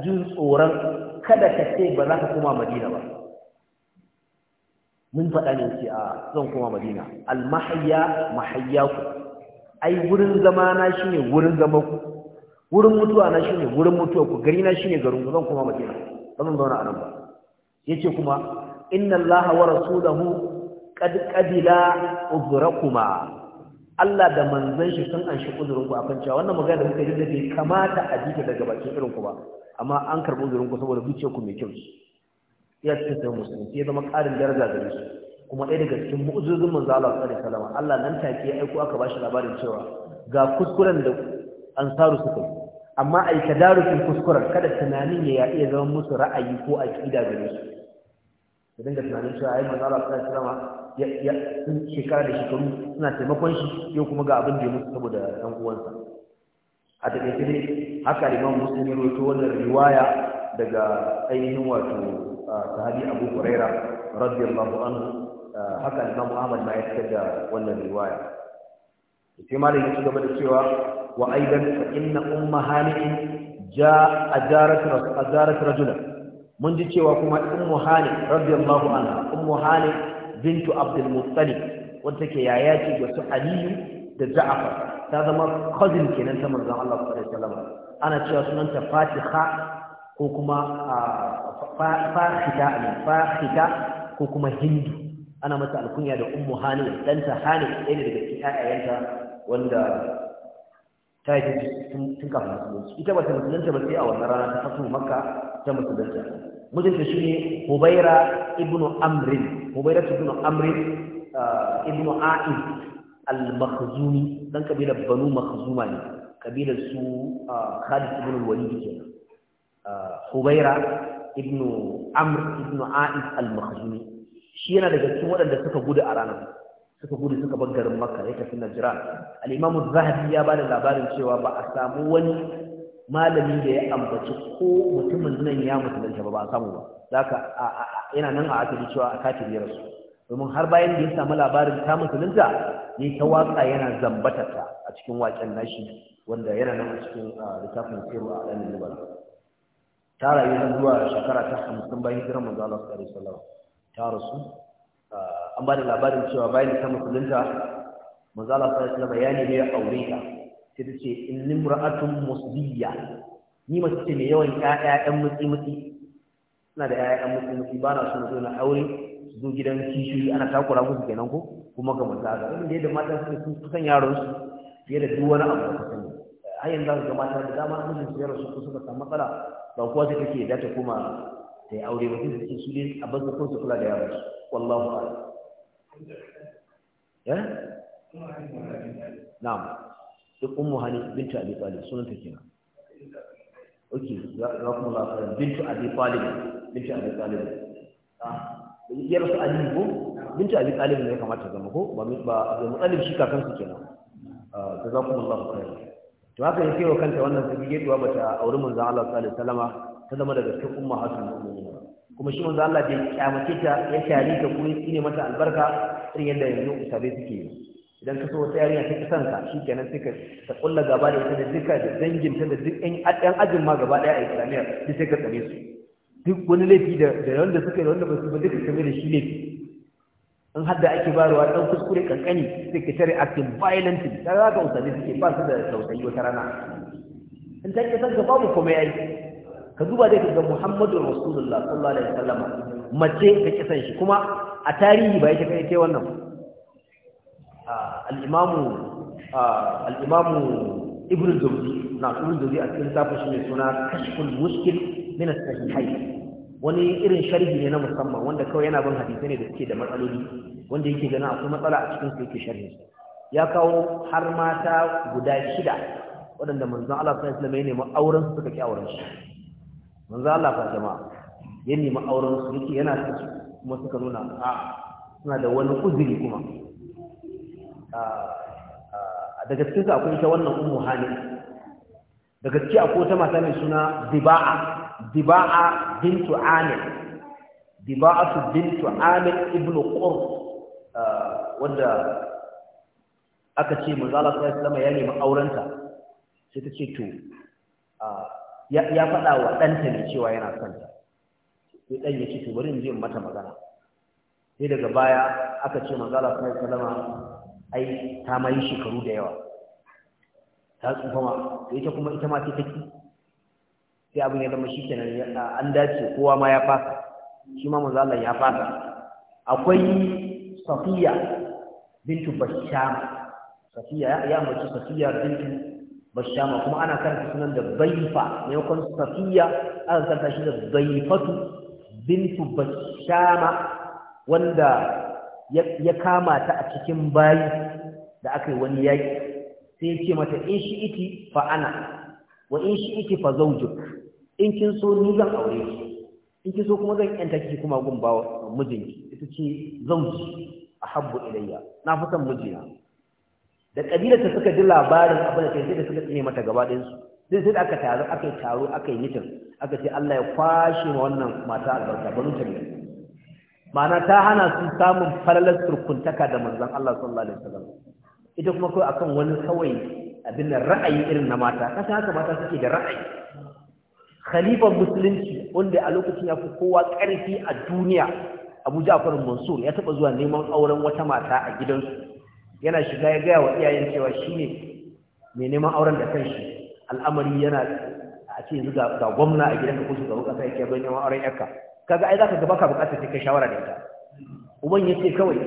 jin tsoron kada ka ce ba za ka koma Madina ba mun faɗa ne ce a zan koma Madina al mahayya mahayyaku ai wurin zama na shine wurin zama ku wurin mutuwa na shine wurin mutuwa ku gari na shine garin ku zan kuma madina ba zan zauna a nan ba yace kuma inna allaha wa rasulahu qad qabila uzrakuma Allah da manzon shi sun anshi uzurin ku akan cewa wannan magana da muka yi da bai kamata a jike daga bakin irin ku ba amma an karbi uzurin ku saboda zuciyar ku mai kyau ya ce sai musulmi Ya zama karin daraja da su kuma ɗaya daga cikin mu'ujizin manzo Allah sallallahu alaihi wasallam Allah nan take ya aiko aka bashi labarin cewa ga kuskuren da ansaru suka yi amma ai tadarukin kuskuren kada tunanin ya iya zama musu ra'ayi ko aqida da su da dinga tunanin cewa ai manzo Allah sallallahu alaihi wasallam ya sun shekara da shekaru suna taimakon shi yau kuma ga abin da ya mutu saboda ɗan uwansa a takaice dai haka Imam Muslim ya rawaito wannan riwaya daga ainihin wato sahabi Abu Huraira radiyallahu anhu Eh, haka Imam Ahmad ma ya fitar da wannan riwaya sai malam ya gaba da cewa wa aidan fa inna umma hani'in ja ajarat ajarat rajulan mun ji cewa kuma ummu hani radiyallahu anha ummu hani bintu abdul muttalib wanda ke yaya ce ga su aliyu da ja'far ta zama cousin kenan ta manzon Allah sallallahu alaihi wasallam ana cewa sunanta fatiha ko kuma ah, fahita ne ko kuma hindu ana mata alkunya da ummu hani danta hani ɗaya ne daga cikin ƴaƴayenta wanda ta yi tun kafin musulunci ita ba ta musulunta ba sai a wannan rana ta fatu makka ta musulunta mijinta shi ne hubaira ibnu amrin hubaira ibnu amrin ah, ibnu a'id al-makhzumi dan kabilar banu makhzuma ne kabilar su ah, khalid ibn al-walid kenan ah, hubaira ibnu amr ibnu a'id al-makhzumi shi yana daga cikin waɗanda suka gudu a ranar suka gudu suka bar garin makka ya tafi jira al-imamu zahabi ya bada labarin cewa ba a samu wani malami da ya ambaci ko mutumin nan ya musulunta ba ba a samu ba zaka yana nan a asali cewa a kafin ya rasu domin har bayan da ya samu labarin ta musulunta ne ta waka yana zambata ta a cikin waken nashi wanda yana nan a cikin littafin sirru a ɗan libana ta rayu zuwa shekara ta hamsin bayan hijirar manzo Allah sallallahu alaihi wasallam ta rasu ah, an ba da labarin cewa bayan ta musulunta manzo Allah sallallahu alaihi bayani ne ya aure ta sai ta ce in nimra'atun musliya ni mace ce mai yawan ƴaƴa ƴan mutsi mutsi da ƴaƴa ƴan mutsi mutsi ba na so na na aure su zo gidan kishiyoyi ana takura musu kenan ko kuma ga manzo ga. inda yadda mata suke su kusan yaron su fiye da duk wani abu da ka sani har yanzu za ka ga mata da dama an mijin su ya rasu su suka samu matsala ba kuwa sai take da ta koma sai aure ba sai su ne a banza ko su kula da yaran su wallahu a'lam ya eh? na'am duk ummu hani bintu abi talib sunan ta kenan Ok za ku la fara bintu abi talib bintu abi talib ya rasu ali ko bintu abi talib ne kamata zama ko ba mu abu mutalib shi kakan su kenan ah, jazakumullahu khair to haka yake wa kanta wannan ba bata auri manzan Allah sallallahu alaihi ta zama daga cikin umma hasul mu'minin kuma shi manzo Allah bai kyamace ta ya tare ta kuma ne mata albarka irin yadda yanzu usabe suke yi idan ka so wata yarinya ta san ka shikenan sai ka ta kulla gaba da ita da duka da dangin ta da duk ɗan ajin ma gaba ɗaya a islamiyya duk sai ka tsare su duk wani laifi da da wanda suka yi da wanda ba su ba duka kame da shi laifi in hadda ake bayarwa dan kuskure kankani sai ka tare acting violently kaga ka usabe suke ba su da tausayi wata rana in take ke san ka babu komai ai ka duba dai ga Muhammadu Rasulullah sallallahu alaihi wasallam mace ta kisan shi kuma a tarihi ba yake kai wannan ah, al-imamu ah, al-imamu Ibn Jawzi na Ibn Jawzi a cikin tafsir shi mai suna Kashful Mushkil min as-Sahihayn wani irin sharhi ne na musamman wanda kawai yana bin hadisai ne da suke da matsaloli wanda yake ganin akwai matsala a cikin su yake sharhi ya kawo har mata guda shida waɗanda manzon Allah sallallahu alaihi wasallam ya nemi auren su suka ki auren shi manzo Allah fa jama'a ya nemi auren su yake yana su kuma suka nuna a suna da wani uzuri kuma a daga cikin su akwai ta wannan ummu hani daga cikin akwai ta mata mai suna diba'a diba'a bintu amir diba'atu bintu amir ibnu qur wanda aka ce manzo Allah sallallahu alaihi wasallam ya nemi aurenta sai ta ce to ya faɗa wa ɗanta ne cewa yana son ta sai ɗan ya ce to bari in je in mata magana sai daga baya aka ce magana kuma ya salama ai ta mai shekaru da yawa ta tsufa ma ita kuma ita ma ta take sai abin ya zama shikenan an dace kowa ma ya fasa shi ma manzala ya fasa akwai safiya bintu bashama safiya ya mace safiya bintu bashama kuma ana karanta sunan da baifa maimakon safiya ana karanta shi da baifatu bintu bashama wanda ya kama ta a cikin bayi da aka yi wani yaƙi sai ya ce mata in shi iti fa ana wa in shi iti fa zaujuk in kin so ni zan aure ki in kin so kuma zan yanta ki kuma gumbawa bawa mijinki ita ce zauji ahabbu ilayya na fi son mijina da kabilar ta suka ji labarin abin da ke sai da suka tsine mata gaba ɗayan su sai sai aka taro aka yi taro aka yi mitin aka ce Allah ya kwashe ma wannan mata albarka ba mutum ne ma'ana ta hana su samun falalar surkuntaka da manzon Allah sallallahu alaihi wasallam ita kuma kawai akan wani kawai abin da ra'ayi irin na mata kasa haka mata suke da ra'ayi Khalifar musulunci wanda a lokacin ya fi kowa karfi a duniya Abu Ja'far Mansur ya taɓa zuwa neman auren wata mata a gidansu yana shiga ya gaya wa iyayen cewa shi ne mai neman auren da shi. al'amari yana a ce yanzu ga gwamna a gidan da kusa ga bukata yake don neman auren yarka kaga ai zaka gaba ka bukata sai kai shawara da ita uban yace kawai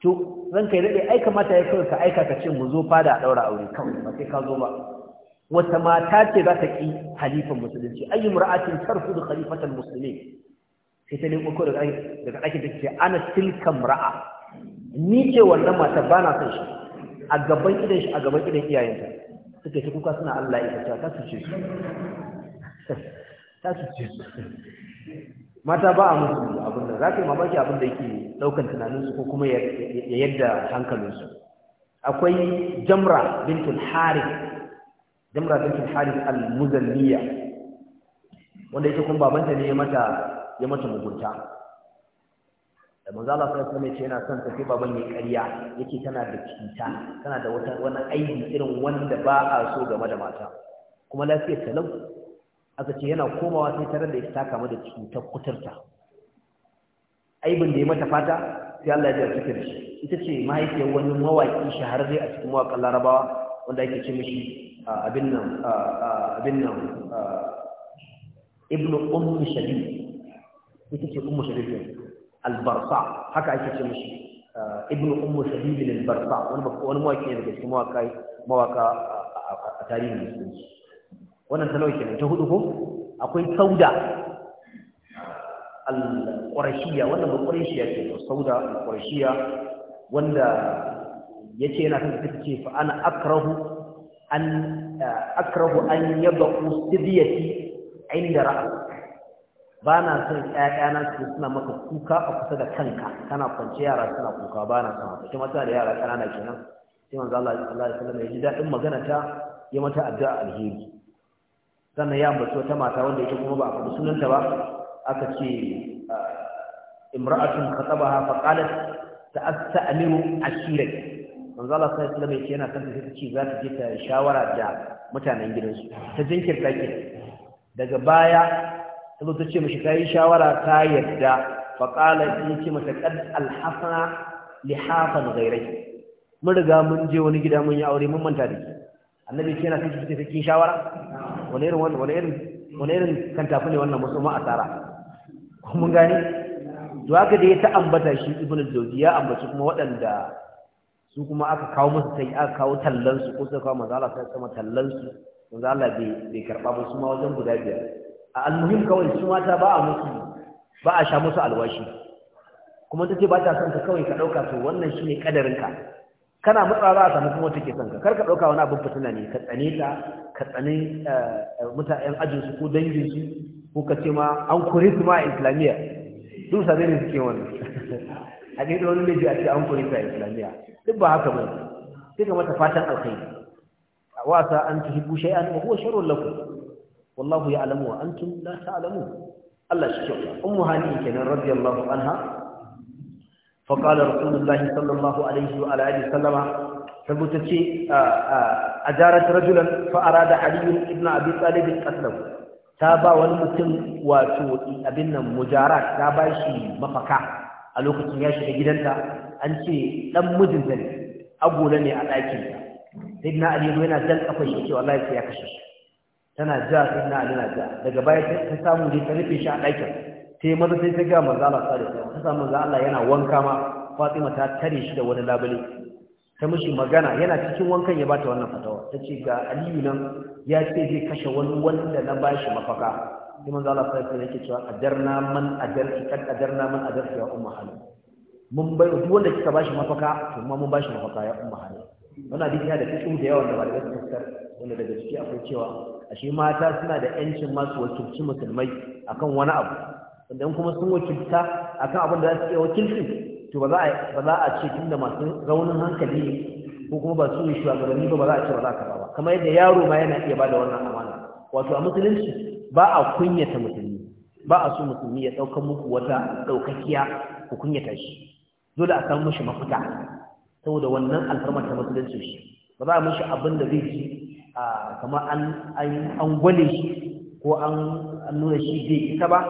to zan kai dade ai kamata ya kawai ka aika ka ce mu zo fada a daura aure kawai ba sai ka zo ba wata mata ce za ta ki halifan musulunci ayyu mar'atin tarfudu khalifatal muslimin sai ta nemo ko daga daga ɗakin da ce ana tilka mar'a ni ce wannan mata ba na son shi a gaban idan shi a gaban idan iyayenta suka ce kuka suna Allah ya ta ta su ce su ta su ce su mata ba a musu abin da za ka yi mamaki abin da yake ɗaukan tunaninsu ko kuma ya yadda hankalinsu akwai jamra bintul harith jamra bintul harith al-muzalliya wanda yake kuma babanta ne ya mata ya mata mugunta da manzo Allah sai alaihi yace yana son tafi baban ne ƙarya yake tana da cinta tana da wata wani aiki irin wanda ba a so game da mata kuma lafiyar ta lau aka ce yana komawa sai tare da ita ta kama da cutar kuturta aibin da ya mata fata sai Allah ya ji cikin shi ita ce mahaifiyar wani mawaki shahararre a cikin mawaƙan Larabawa wanda ake ce mishi abin nan abin nan ibnu ummu shadid ita ce ummu shadid albarsa haka ake ce mishi ibnu ummu sabibil albarsa wani wani mawaki ne daga cikin mawaka mawaka a tarihin musulunci wannan talawa kenan ta hudu ko akwai sauda al-qurashiyya wannan ba qurashiyya ce sauda al-qurashiyya wanda yace yana son kan ce, fa ana akrahu an akrahu an yadu sidiyati inda ra'a ba na son ƴaƴana su suna maka kuka a kusa da kanka kana kwance yara suna kuka ba na son haka kuma tana da yara ƙanana kenan sai manzo Allah sallallahu alaihi wasallam ya ji daɗin magana ta ya mata addu'a alheri sannan ya ambaci wata mata wanda yake kuma ba a faɗi sunanta ba aka ce ah, imra'atun khatabaha fa qalat ta'astamiru ashirati manzo Allah sallallahu alaihi wasallam yake yana son ta ce za ta je ta shawara da mutanen gidansu ta jinkirta ke daga baya ta ta ce mashi ta yi shawara ta yadda faƙala in ce mata ƙad alhafana lihafan gairai mun riga mun je wani gida mun yi aure mun manta da shi. annabi ce yana sai ki ta kin shawara wani irin wani irin wani irin kan tafi ne wannan musulma tsara? ko mun gane to haka da ya ta ambata shi ibnu jawzi ya ambaci kuma waɗanda su kuma aka kawo musu sai aka kawo tallansu ko sai kawo manzo Allah sai kuma tallansu manzo Allah bai bai karba ba su ma wajen guda biyar almuhim kawai su mata ba a musu ba a sha musu alwashi kuma ta ce ba ta son ka kawai ka ɗauka to wannan shine kadarinka kana mutsa za a samu kuma take son ka karka ɗauka wani abin fitina ne ka tsane ta ka tsane eh, eh, mutanen ajinsu ko danginsu ko ka ce ma an kore su ma a islamiyya duk sa ne suke wani. a ɗaya wani ne a ce an kore su a islamiyya duk ba haka ba sai ka mata fatan alkhairi wasa an tuhibu shay'an wa huwa sharrun lakum wallahu ya'lamu wa antum la ta'lamun Allah shi kyauta ummu hani kenan radiyallahu anha fa sallallahu alaihi wa sallama tabbata ce ajarat rajulan fa arada ali ibn abi talib qatlahu ta ba wani mutum wato abin nan mujarat ta bashi mafaka a lokacin ya shiga gidanta an ce dan mijinta ne ne a ɗakinta sai yana dan kafa shi ce ya kashe tana ja sun na alina ja daga baya ta samu ne ta rufe shi a ɗakin sai maza sai ta ga maza Allah sallallahu ta ta samu maza Allah yana wanka ma Fatima ta tare shi da wani labule ta mishi magana yana cikin wankan ya bata wannan fatawa Ta ce ga Aliyu nan ya ce zai kashe wani wanda na bashi mafaka sai manzo Allah sallallahu alaihi yake cewa adarna man adarki kad adarna man adarki ya umma hali. mun bai duk wanda kika bashi mafaka to mun bashi mafaka ya umma halim wannan hadisi da cikin da yawan da ba da gaskiya wanda daga ciki akwai cewa ashe mata suna da yancin masu wakilci musulmai akan wani abu idan kuma sun wakilta akan abin da za su iya wakilci to ba za a ce tunda masu raunin hankali ko kuma ba su yi shugabanni ba ba za a ce ba za ka ba kamar yadda yaro ma yana iya bada wannan amana wato a musulunci ba a kunyata musulmi ba a so musulmi ya ɗaukar muku wata ɗaukakiya ku kunyata shi dole a samu mishi mafita saboda wannan alfarmar ta musulunci shi ba za a mishi abin da zai ji kamar an gwale shi ko an nuna shi zai isa ba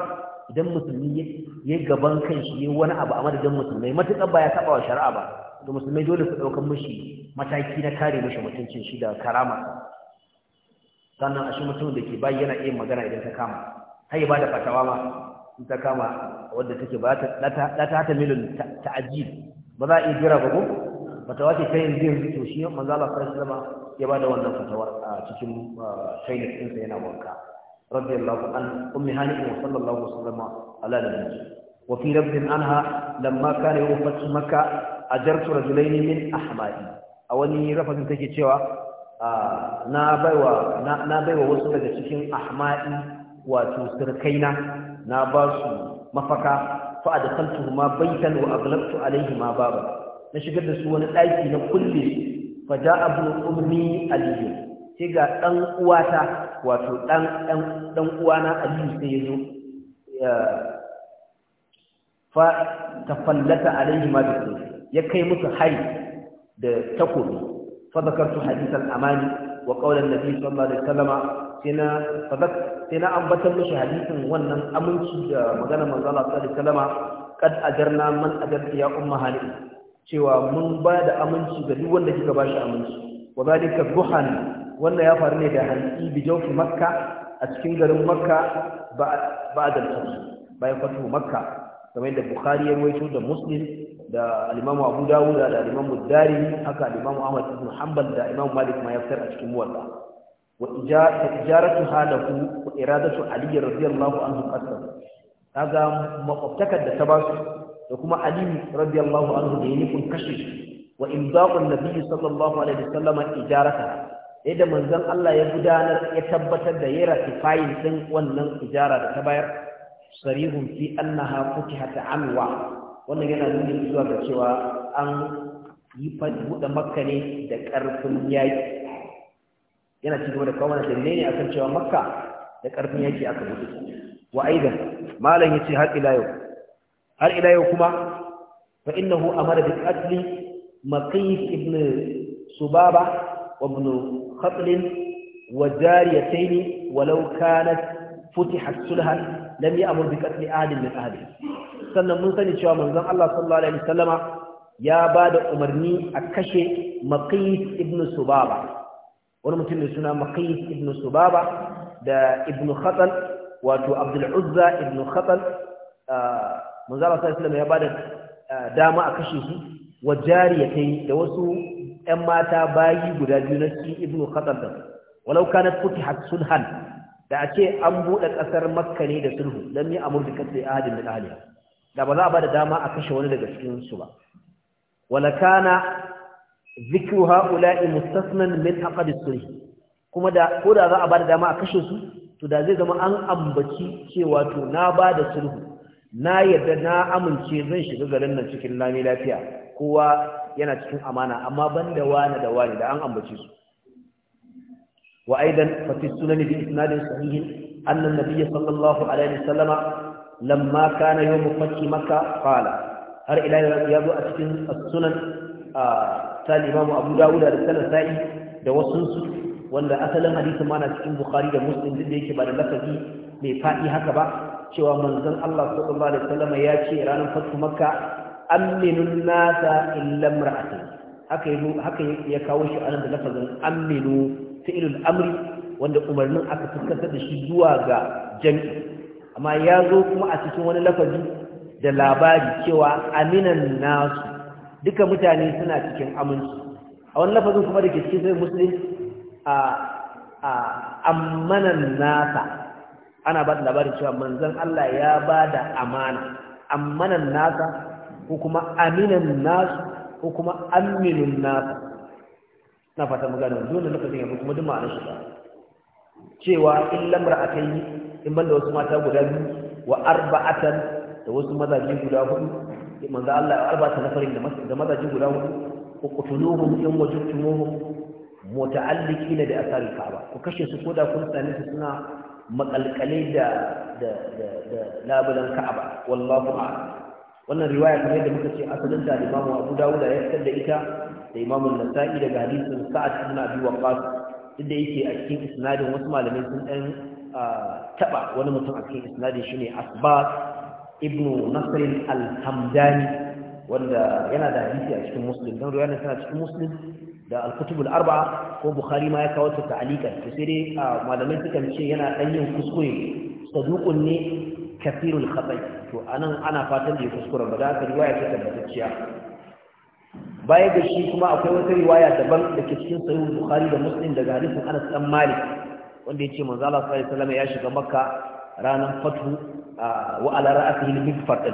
idan musulmi ya gaban kan shi ya wani abu a madadin musulmai matuƙar ba ya taɓa wa shari'a ba to musulmai dole su ɗaukan mashi mataki na kare mashi mutuncin shi da karama sannan a shi mutum da ke bayi yana iya magana idan ta kama har ba da fatawa ma in ta kama wadda take ba ta hata milin ta'ajil ba za a iya jira ba ko fatawa ce ta yanzu yanzu to shi manzo Allah sallallahu alaihi wasallam ya ba da wannan fatawar a cikin shaidat ɗinsa yana wanka radiyallahu an ummi hanifu wa sallallahu wasallama ala nabiyyi wa fi rabbin anha lamma kana yawm fath makka ajartu rajulayn min ahmadi a wani rafin take cewa na baiwa na baiwa wasu daga cikin ahmadi wato sirkaina na ba su mafaka fa adkhaltuhuma baytan wa aghlaqtu alayhima baba na shigar da su wani daki na kulle fa ja'a ibn ummi Aliyu, sai ga dan uwata wato dan dan dan uwana ali sai yazo fa tafallata alaihi ma bisu ya kai musu hari da takobi fa zakartu hadith al-amani wa qawla an-nabi sallallahu alaihi wasallam sina fa sai na ambatar mishi hadisin wannan aminci da magana manzo Allah sallallahu alaihi wasallam kad ajarna man ajarta ya umma halin cewa mun ba da aminci ga duk wanda kika ba shi aminci wa zalika duhan wannan ya faru ne da hanzi bi jawfi makka a cikin garin makka ba da tafsir bayan fatu makka kamar da bukhari ya rawaito da muslim da al-imamu abu dawud da al-imamu dari haka al-imamu ahmad ibn hanbal da imamu malik ma ya a cikin muwatta wa ijaratu halahu wa iradatu ali radiyallahu anhu qasam kaga makwabtakar da ta basu da kuma ali radiyallahu anhu da yayi kun kashe wa imdaqun nabi sallallahu alaihi wasallam ijarata da manzon Allah ya gudanar ya tabbatar da yara tifayin din wannan ijara da ta bayar sarihun fi annaha futihat anwa wannan yana nuni zuwa ga cewa an yi buɗe makka ne da ƙarfin yaƙi yana ci gaba da kawo mana dalilai ne akan cewa makka da ƙarfin yaƙi aka buɗe wa aidan malam ya har ila yau har ila yau kuma fa innahu amara bi qatli maqis ibn subaba wa ibn khatl wa jariyatayn walau kanat futihat sulhan lam ya'mur bi qatli ahadin min ahli sannan mun sani cewa manzon Allah sallallahu alaihi wasallama ya bada umarni a kashe maqis ibn subaba wani mutum mai suna maqis ibn subaba da ibn khatal wato abdul uzza ibn ah, manzala sallallahu alaihi ya bada eh, dama a kashe su wa jariyatai da wasu 'yan mata bayi guda biyu na cikin ibnu khatab walau kanat futihat sulhan da a ce an buɗe ƙasar makka ne da sulhu lam yi amur da kasai ahadin da ahliya da ba za a ba dama a kashe wani daga cikin su ba wala kana zikru ha'ula'i mustasnan min aqad sulh kuma da ko da za a ba da dama a kashe su to da zai zama an ambaci cewa to na bada sulhu na yadda na amince zan shiga garin nan cikin lami lafiya kowa yana cikin amana amma banda wani da wani da an ambace su wa aidan fa fi sunan bi isnadin sahihin anna nabiyya sallallahu alaihi wasallama lamma kana yawm fathi makka qala har ila ya zo a cikin sunan ta imamu abu dawud da sanan sa'i da wasu su wanda asalin hadisi ma na cikin bukhari da muslim duk da yake ba da lafazi mai fadi haka ba cewa manzon Allah sallallahu alaihi wasallam ya ce ranar fatu makka aminun nasa illa mar'atan haka haka ya kawo shi anan da lafazin aminu fi'lul amri wanda umarnin aka fuskantar da shi zuwa ga jami'i amma ya zo kuma a cikin wani lafazi da labari cewa aminan nasu duka mutane suna cikin aminci a wani lafazin kuma da ke cikin sai muslim a ammanan nasa ana ba da labarin cewa manzon Allah ya ba da amana Amanan nasa ko kuma aminan nasu ko kuma aminin nasa na fata mu gane wannan lokacin ya kuma duma a shi cewa in lamra yi, in banda wasu mata guda biyu wa arba'atan da wasu mazaji guda hudu manzan Allah ya arba'atan na farin da mazaji guda hudu ko kutuluhu in wajadtumuhum muta'alliqina bi asari ka'aba ku kashe su koda kun sani su suna makalkalai da da labulan Ka'aba wallahu wannan riwaya kamar yadda muka ce asalin da Imam Abu Dawud ya fitar da ita da Imam nasai daga hadisin Sa'ad ibn Abi Waqqas inda yake a cikin isnadin wasu malamai sun dan taba wani mutum a cikin isnadin shine Asbab ibn Nasr al-Hamdani wanda yana da hadisi a cikin Muslim dan riwayar tana cikin Muslim da alkutubul arbaa ko bukhari ma ya kawo ta ta'alikan to sai dai ah, malamai suka ce yana dan yin kuskure saduqun ne kafirul khata'i to anan ana fatan da ya kuskura, ba da riwaya ta tabbatacciya baya ga shi kuma akwai wata riwaya daban da ke cikin sahih bukhari da muslim daga hadisin anas dan malik wanda ya ce manzo Allah sallallahu alaihi wasallam ya shiga makka ranar fathu ah, wa ala ra'atihi al-migfar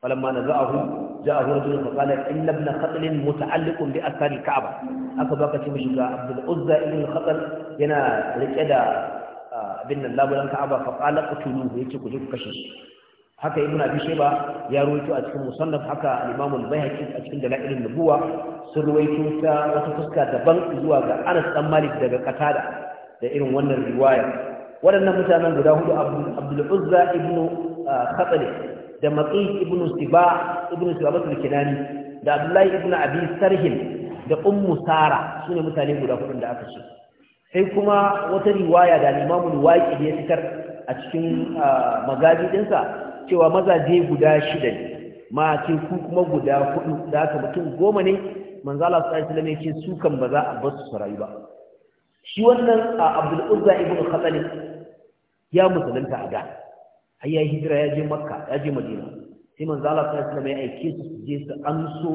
falamma naza'ahu جاءه رجل فقال إن ابن خطل متعلق بأثار الكعبة أكبر كتب شكا عبد العزة ابن الخطل ينا رجل بن الله ولن كعبة فقال قتلوه يتكو جيب كشيش haka ibn abi shayba ya ruwaito a cikin musannaf haka al-imam al-bayhaqi a cikin dalailin nubuwa sun ruwaito ta wata fuska daban zuwa ga Anas dan Malik daga Qatada da irin wannan riwaya waɗannan mutanen guda hudu Abdul Uzza ibn Khatal da matsayi ibn siba ibn siba batul kinani da abdullahi ibn abi sarhin da ummu sara sune mutane guda hudu da aka ce sai kuma wata riwaya da imamu waqi ya fitar a cikin magaji dinsa cewa mazaje guda shida ne ma ce ku kuma guda hudu da aka mutum goma ne manzo Allah sallallahu alaihi wasallam ya ce su kan ba za a bar su rayu ba shi wannan Abdul Uzza ibn Khatal ya musulunta a da har ya hijira ya je makka ya je madina sai manzo Allah ta sallama ya aike su su je su anso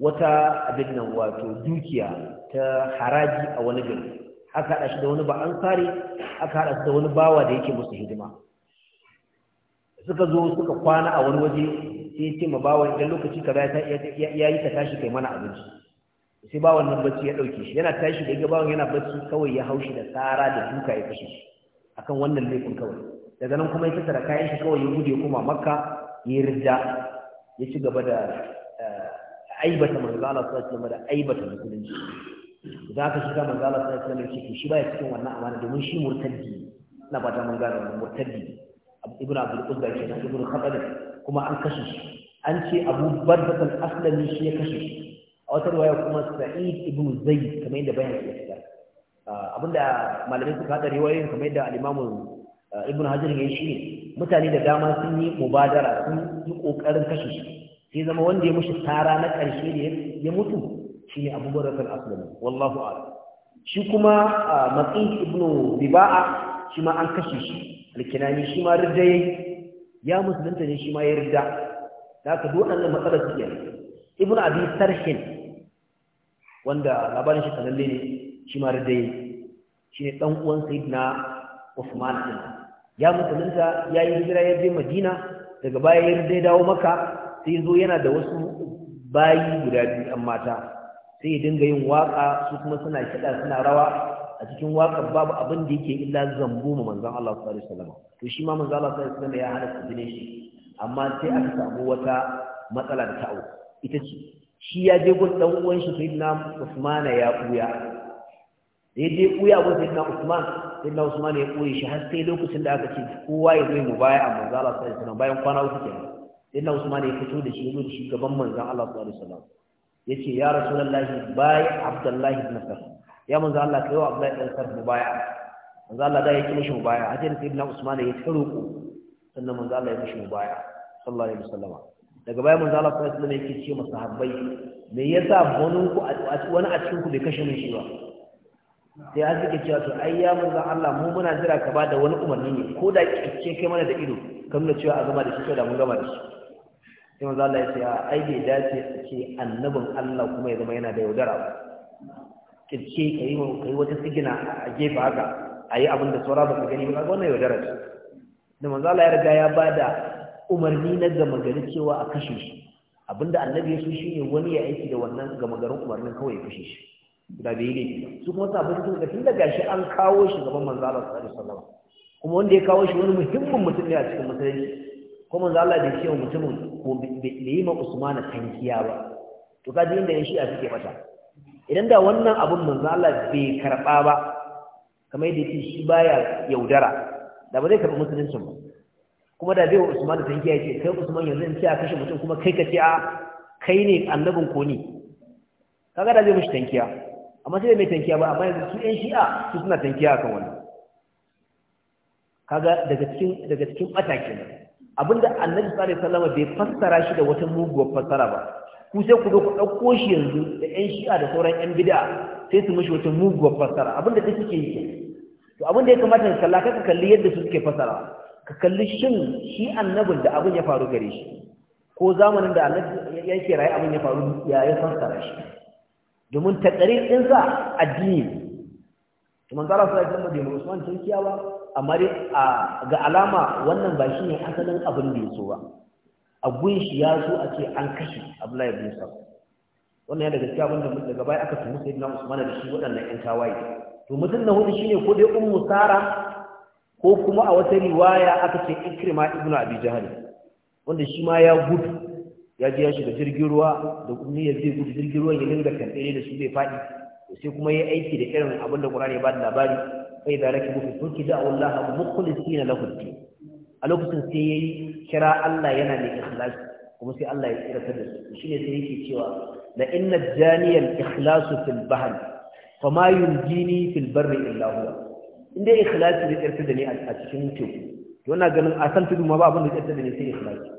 wata abin nan wato dukiya ta haraji a wani gari aka haɗa shi da wani ba ansari aka haɗa shi da wani bawa da yake musu hidima suka zo suka kwana a wani waje sai ce ma bawan idan lokaci kaza ya yi ta tashi kai mana abinci sai bawan nan bacci ya ɗauke shi yana tashi da ga bawan yana bacci kawai ya haushi da tsara da duka ya kashe shi akan wannan laifin kawai daga nan kuma ya tattara kayan shi kawai ya gude kuma makka ya rida ya ci gaba da eh, aibata manzo Allah sallallahu alaihi wasallam da aibata musulunci idan aka shiga manzo Allah sallallahu alaihi wasallam shi ba ya cikin wannan amana domin shi murtaddi ina fata mun gane wannan murtaddi ibnu abdul uzza kenan ibnu khatab kuma an kashe shi an ce abu bardat al-aslami shi ya kashe shi a wata riwaya kuma sa'id ibnu zayd kamar yadda bayan ya fitar ah, abinda malamai suka hada riwayoyin kamar yadda al-imamu ibn hajar ya yi shi ne mutane da dama sun yi mubadara sun yi kokarin kashe shi sai zama wanda ya mushi tara na karshe da ya mutu shi ne abubakar al-aslami wallahu ala shi kuma matsin ibn biba'a shi ma an kashe shi alkinani shi ma ridda yayi ya musulunta ne shi ma ya ridda da haka duk wannan matsalar su ibn abi sarhin wanda labarin shi kanalle ne shi ma ridda yayi shi ne ɗan uwan sayyidina Usman din ya musulunta ya yi hijira ya je madina daga baya ya zai dawo maka sai zo yana da wasu bayi guda biyu an mata sai ya dinga yin waka su kuma suna kiɗa suna rawa a cikin waƙar babu abin da yake illa zambo ma manzon Allah sallallahu alaihi wasallam to shi ma manzon Allah sallallahu alaihi wasallam ya halatta bine shi amma sai aka samu wata matsala da ta'u, ita ce shi ya je gun dan uwan shi sayyidina Usmana ya buya da ya je kuya abin sai na usman sai na usman ya koye shi har sai lokacin da aka ce kowa ya zai mu baya a manzo Allah sallallahu alaihi bayan kwana uku kenan sai na usman ya fito da shi ya zo da shi gaban manzo Allah sallallahu alaihi wasallam yace ya rasulullahi bai abdullahi ibn saf ya manzo Allah kai wa abdullahi ibn saf mu baya manzo Allah da ya mishi mu baya hajjar sayyidina usman ya ta roko sannan manzo Allah ya mishi mu baya sallallahu alaihi wasallam daga baya manzo Allah sallallahu alaihi wasallam yake ce masahabbai me yasa wani ku wani a cikin ku bai kashe mun shi ba sai an suke cewa to ai ya mun Allah mu muna jira ka ba da wani umarni ne ko da kike kai mana da ido kan nuna cewa a gama da shi ko da mun gama da shi sai manzo Allah ya ce ai bai dace a ce annabin Allah kuma ya zama yana da yaudara kirce kai mu kai wata sigina a gefe haka ayi abin da saura ka gani ba wannan yaudara ce da manzo Allah ya riga ya bada umarni na gama gari cewa a kashe shi abinda annabi ya so shine wani ya aiki da wannan gama garin umarnin kawai ya kashe shi da biyu ne su kuma sabon sun ga tunda gashi an kawo shi gaban manzo Allah sallallahu alaihi wasallam kuma wanda ya kawo shi wani muhimmin mutum ne a cikin musulunci kuma manzo Allah bai ce mutumin ko bai yi ma Usman tankiya ba to kaji inda yan a suke mata idan da wannan abun manzo Allah bai karba ba kamar yadda yake shi baya yaudara da ba zai karbi musuluncin ba kuma da bai wa Usman tankiya yake kai Usman yanzu in ce a kashe mutum kuma kai ka ce a kai ne annabin ko ni kaga da zai mishi tankiya amma sai mai tankiya ba amma yanzu su ɗan shi'a su suna tankiya kan wannan kaga daga cikin daga cikin mataki ne abinda annabi sallallahu alaihi wasallam bai fassara shi da wata muguwar fassara ba ku sai ku zo ku dauko shi yanzu da yan shi'a da sauran ƴan bid'a sai su mishi wata muguwar fassara abinda da suke yi to abinda ya kamata ka kalla ka kalli yadda su suke fassara ka kalli shin shi annabin da abin ya faru gare shi ko zamanin da annabi yake raye abin ya faru ya ya fassara shi domin takarir ɗinsa addini to manzo Allah sallallahu alaihi wasallam Usman tunkiya a mari a ga alama wannan ba shi ne asalin abin da so ba a gun shi ya zo a ce an kashe Abdullahi bin Sa'd wannan ya daga cikin abin da daga baya aka tumu na Usman da shi waɗannan ƴan kawai to mutum na hudu shine ko dai ummu Sara ko kuma a wata riwaya aka ce Ikrima ibn Abi Jahl wanda shi ma ya gudu ya je ya shiga jirgin ruwa da ni ya zai gudu jirgin ruwa ya dinga kantsere da su bai faɗi sai kuma ya aiki da irin abin da Qur'ani ya bada labari kai da rake muku sun kida Allah mukhlisina lahu din a lokacin sai yayi kira Allah yana da ikhlasi kuma sai Allah ya tsira da su shine sai yake cewa la inna janiya al-ikhlasu fil bahr fa ma yunjini fil barri illa huwa inda ikhlasi zai tsira da ni a cikin teku to ina ganin a san tudu ma ba abin da tsira da ni sai ikhlasi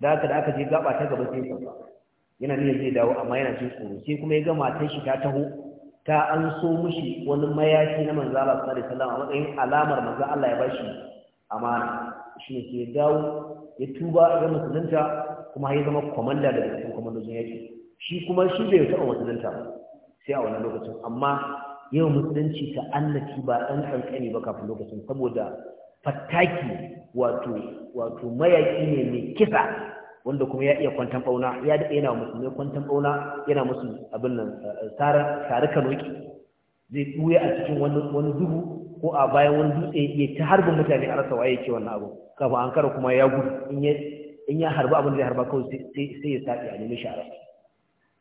da haka da aka je gaba ta gaba sai da yana ne zai dawo amma yana cin tsoro sai kuma ya ga matar shi ta taho ta an so mushi wani mayafi na manzo Allah sallallahu alaihi wasallam a matsayin alamar manzo Allah ya bashi amana shi ne sai dawo ya tuba ga musulunta kuma ya zama komanda daga cikin komandojin yaki shi kuma shi bai taɓa musulunta ba sai a wannan lokacin amma yau musulunci ta annaki ba ɗan ƙanƙani ba kafin lokacin saboda fataki wato wato mayaki ne mai kisa wanda kuma ya iya kwantan bauna ya daɗe yana musu kwantan bauna yana musu abin nan tare eh, kanoki zai ɓuya a cikin wani duhu ko a bayan wani dutse ya ta harbin mutane a rasa waye ke wannan abu kafin an kara kuma ya gudu in ya harba abin da ya harba kawai sai ya saɗi a nemi shara.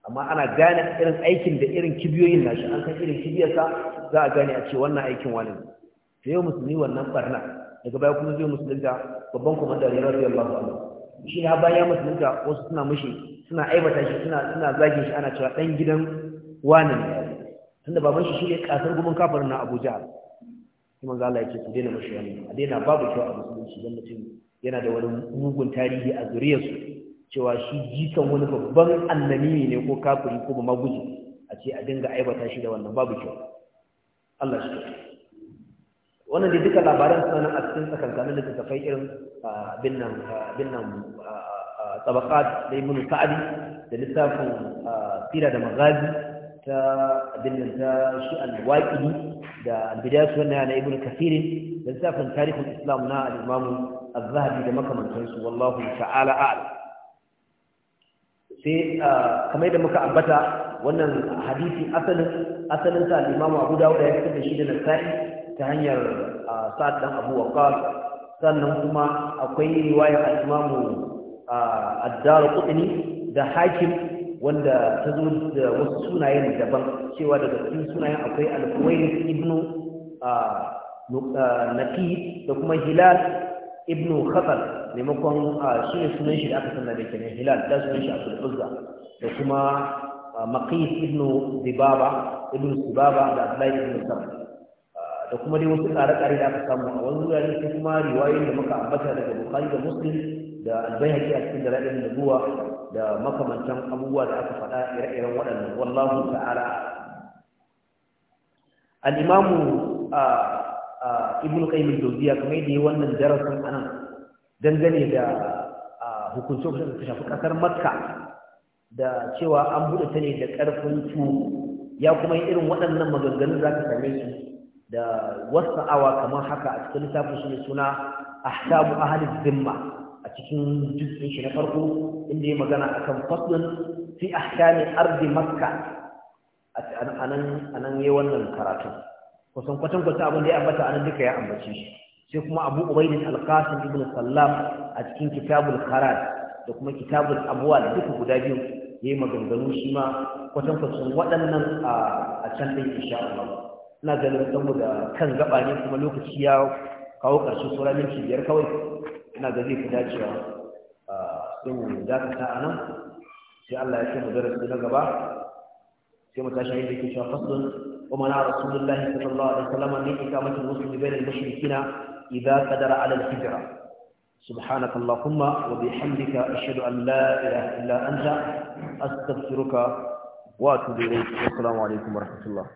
amma ana gane irin aikin da irin kibiyoyin nashi an san irin kibiyarsa za a gane a ce wannan aikin wani ne sai musulmi wannan barna daga baya kuma zai musulunta babban kwamandar ya rasu yallahu alaihi shi na bayan musulunta wasu suna mushi suna aibata shi suna zagin shi ana cewa dan gidan wani ne tunda baban shi ne ƙasar gumin kafar na Abuja kuma manzo Allah ce ku daina mashi wani a daina babu kyau a musulunci don mutum yana da wani mugun tarihi a zuriyarsu cewa shi jikan wani babban annani ne ko kafiri ko ba maguji a ce a dinga aibata shi da wannan babu kyau Allah shi wannan da duka labaran suna nan a cikin tsakankanin littattafai irin ah, bin nan ah, ah, tsabakat da ibn sa'adi da littafin sira da magazi ta abinnan ta shi al da al-bidaya sunna na ibn kathir da littafin tarihin islam na al-imam az-zahabi da makamantansu wallahu ta'ala a'lam sai kamar da muka ambata wannan hadisi asalin asalin sa al-imam abu dawud ya fitar da shi da nasa'i ta hanyar sa'ad dan abu waqas sannan kuma akwai riwaya a imamu ad-dar qutni da hakim wanda ta zo da wasu sunayen daban cewa daga cikin sunayen akwai al ibnu Nafi da kuma hilal ibnu khatal maimakon shi ne sunan shi da aka sanna da kenan hilal ta sunan shi abdul uzza da kuma maqis ibnu Zibaba ibnu dibaba da abdullahi ibnu sabah da kuma dai wasu tsare-tsare da aka samu a wani wurare sai kuma riwayoyin da muka ambata daga bukari da muslim da Albayyaki a cikin dalailin nubuwa da makamantan abubuwa da aka faɗa ire-iren waɗannan wallahu ta'ala Alimamu imamu ibn qayyim al kamar yadda ya wannan darasin anan dangane da hukuncin da shafi kasar makka da cewa an buɗe ta ne da ƙarfin tu, ya kuma yi irin waɗannan maganganun za ka same su da wasa'awa kamar haka a cikin littafin shi ne suna ahkamu ahlil zimma a cikin jinsin shi na farko inda ya magana akan faslun fi ahkami ardi makka anan anan yayi wannan karatu kusan kwatan kwatan abin da ya ambata anan duka ya ambace shi sai kuma Abu Ubayd al-Qasim ibn Sallam a cikin kitabul kharaj da kuma kitabul abwal duka guda biyu yayi maganganu shi ma kwatan kwatan waɗannan a can din insha Allah na ganin saboda kan gaba ne kuma lokaci ya kawo ƙarshe sauran minti biyar kawai ina ga zai fi dacewa sai mu dakata a nan sai Allah ya ce mu darasi na gaba sai mu tashi yadda ke cewa faslun ومنع رسول الله صلى الله عليه وسلم من إقامة المسلم بين المشركين إذا قدر على الهجرة سبحانك اللهم وبحمدك أشهد أن لا إله إلا أنت أستغفرك وأتوب إليك والسلام عليكم ورحمة الله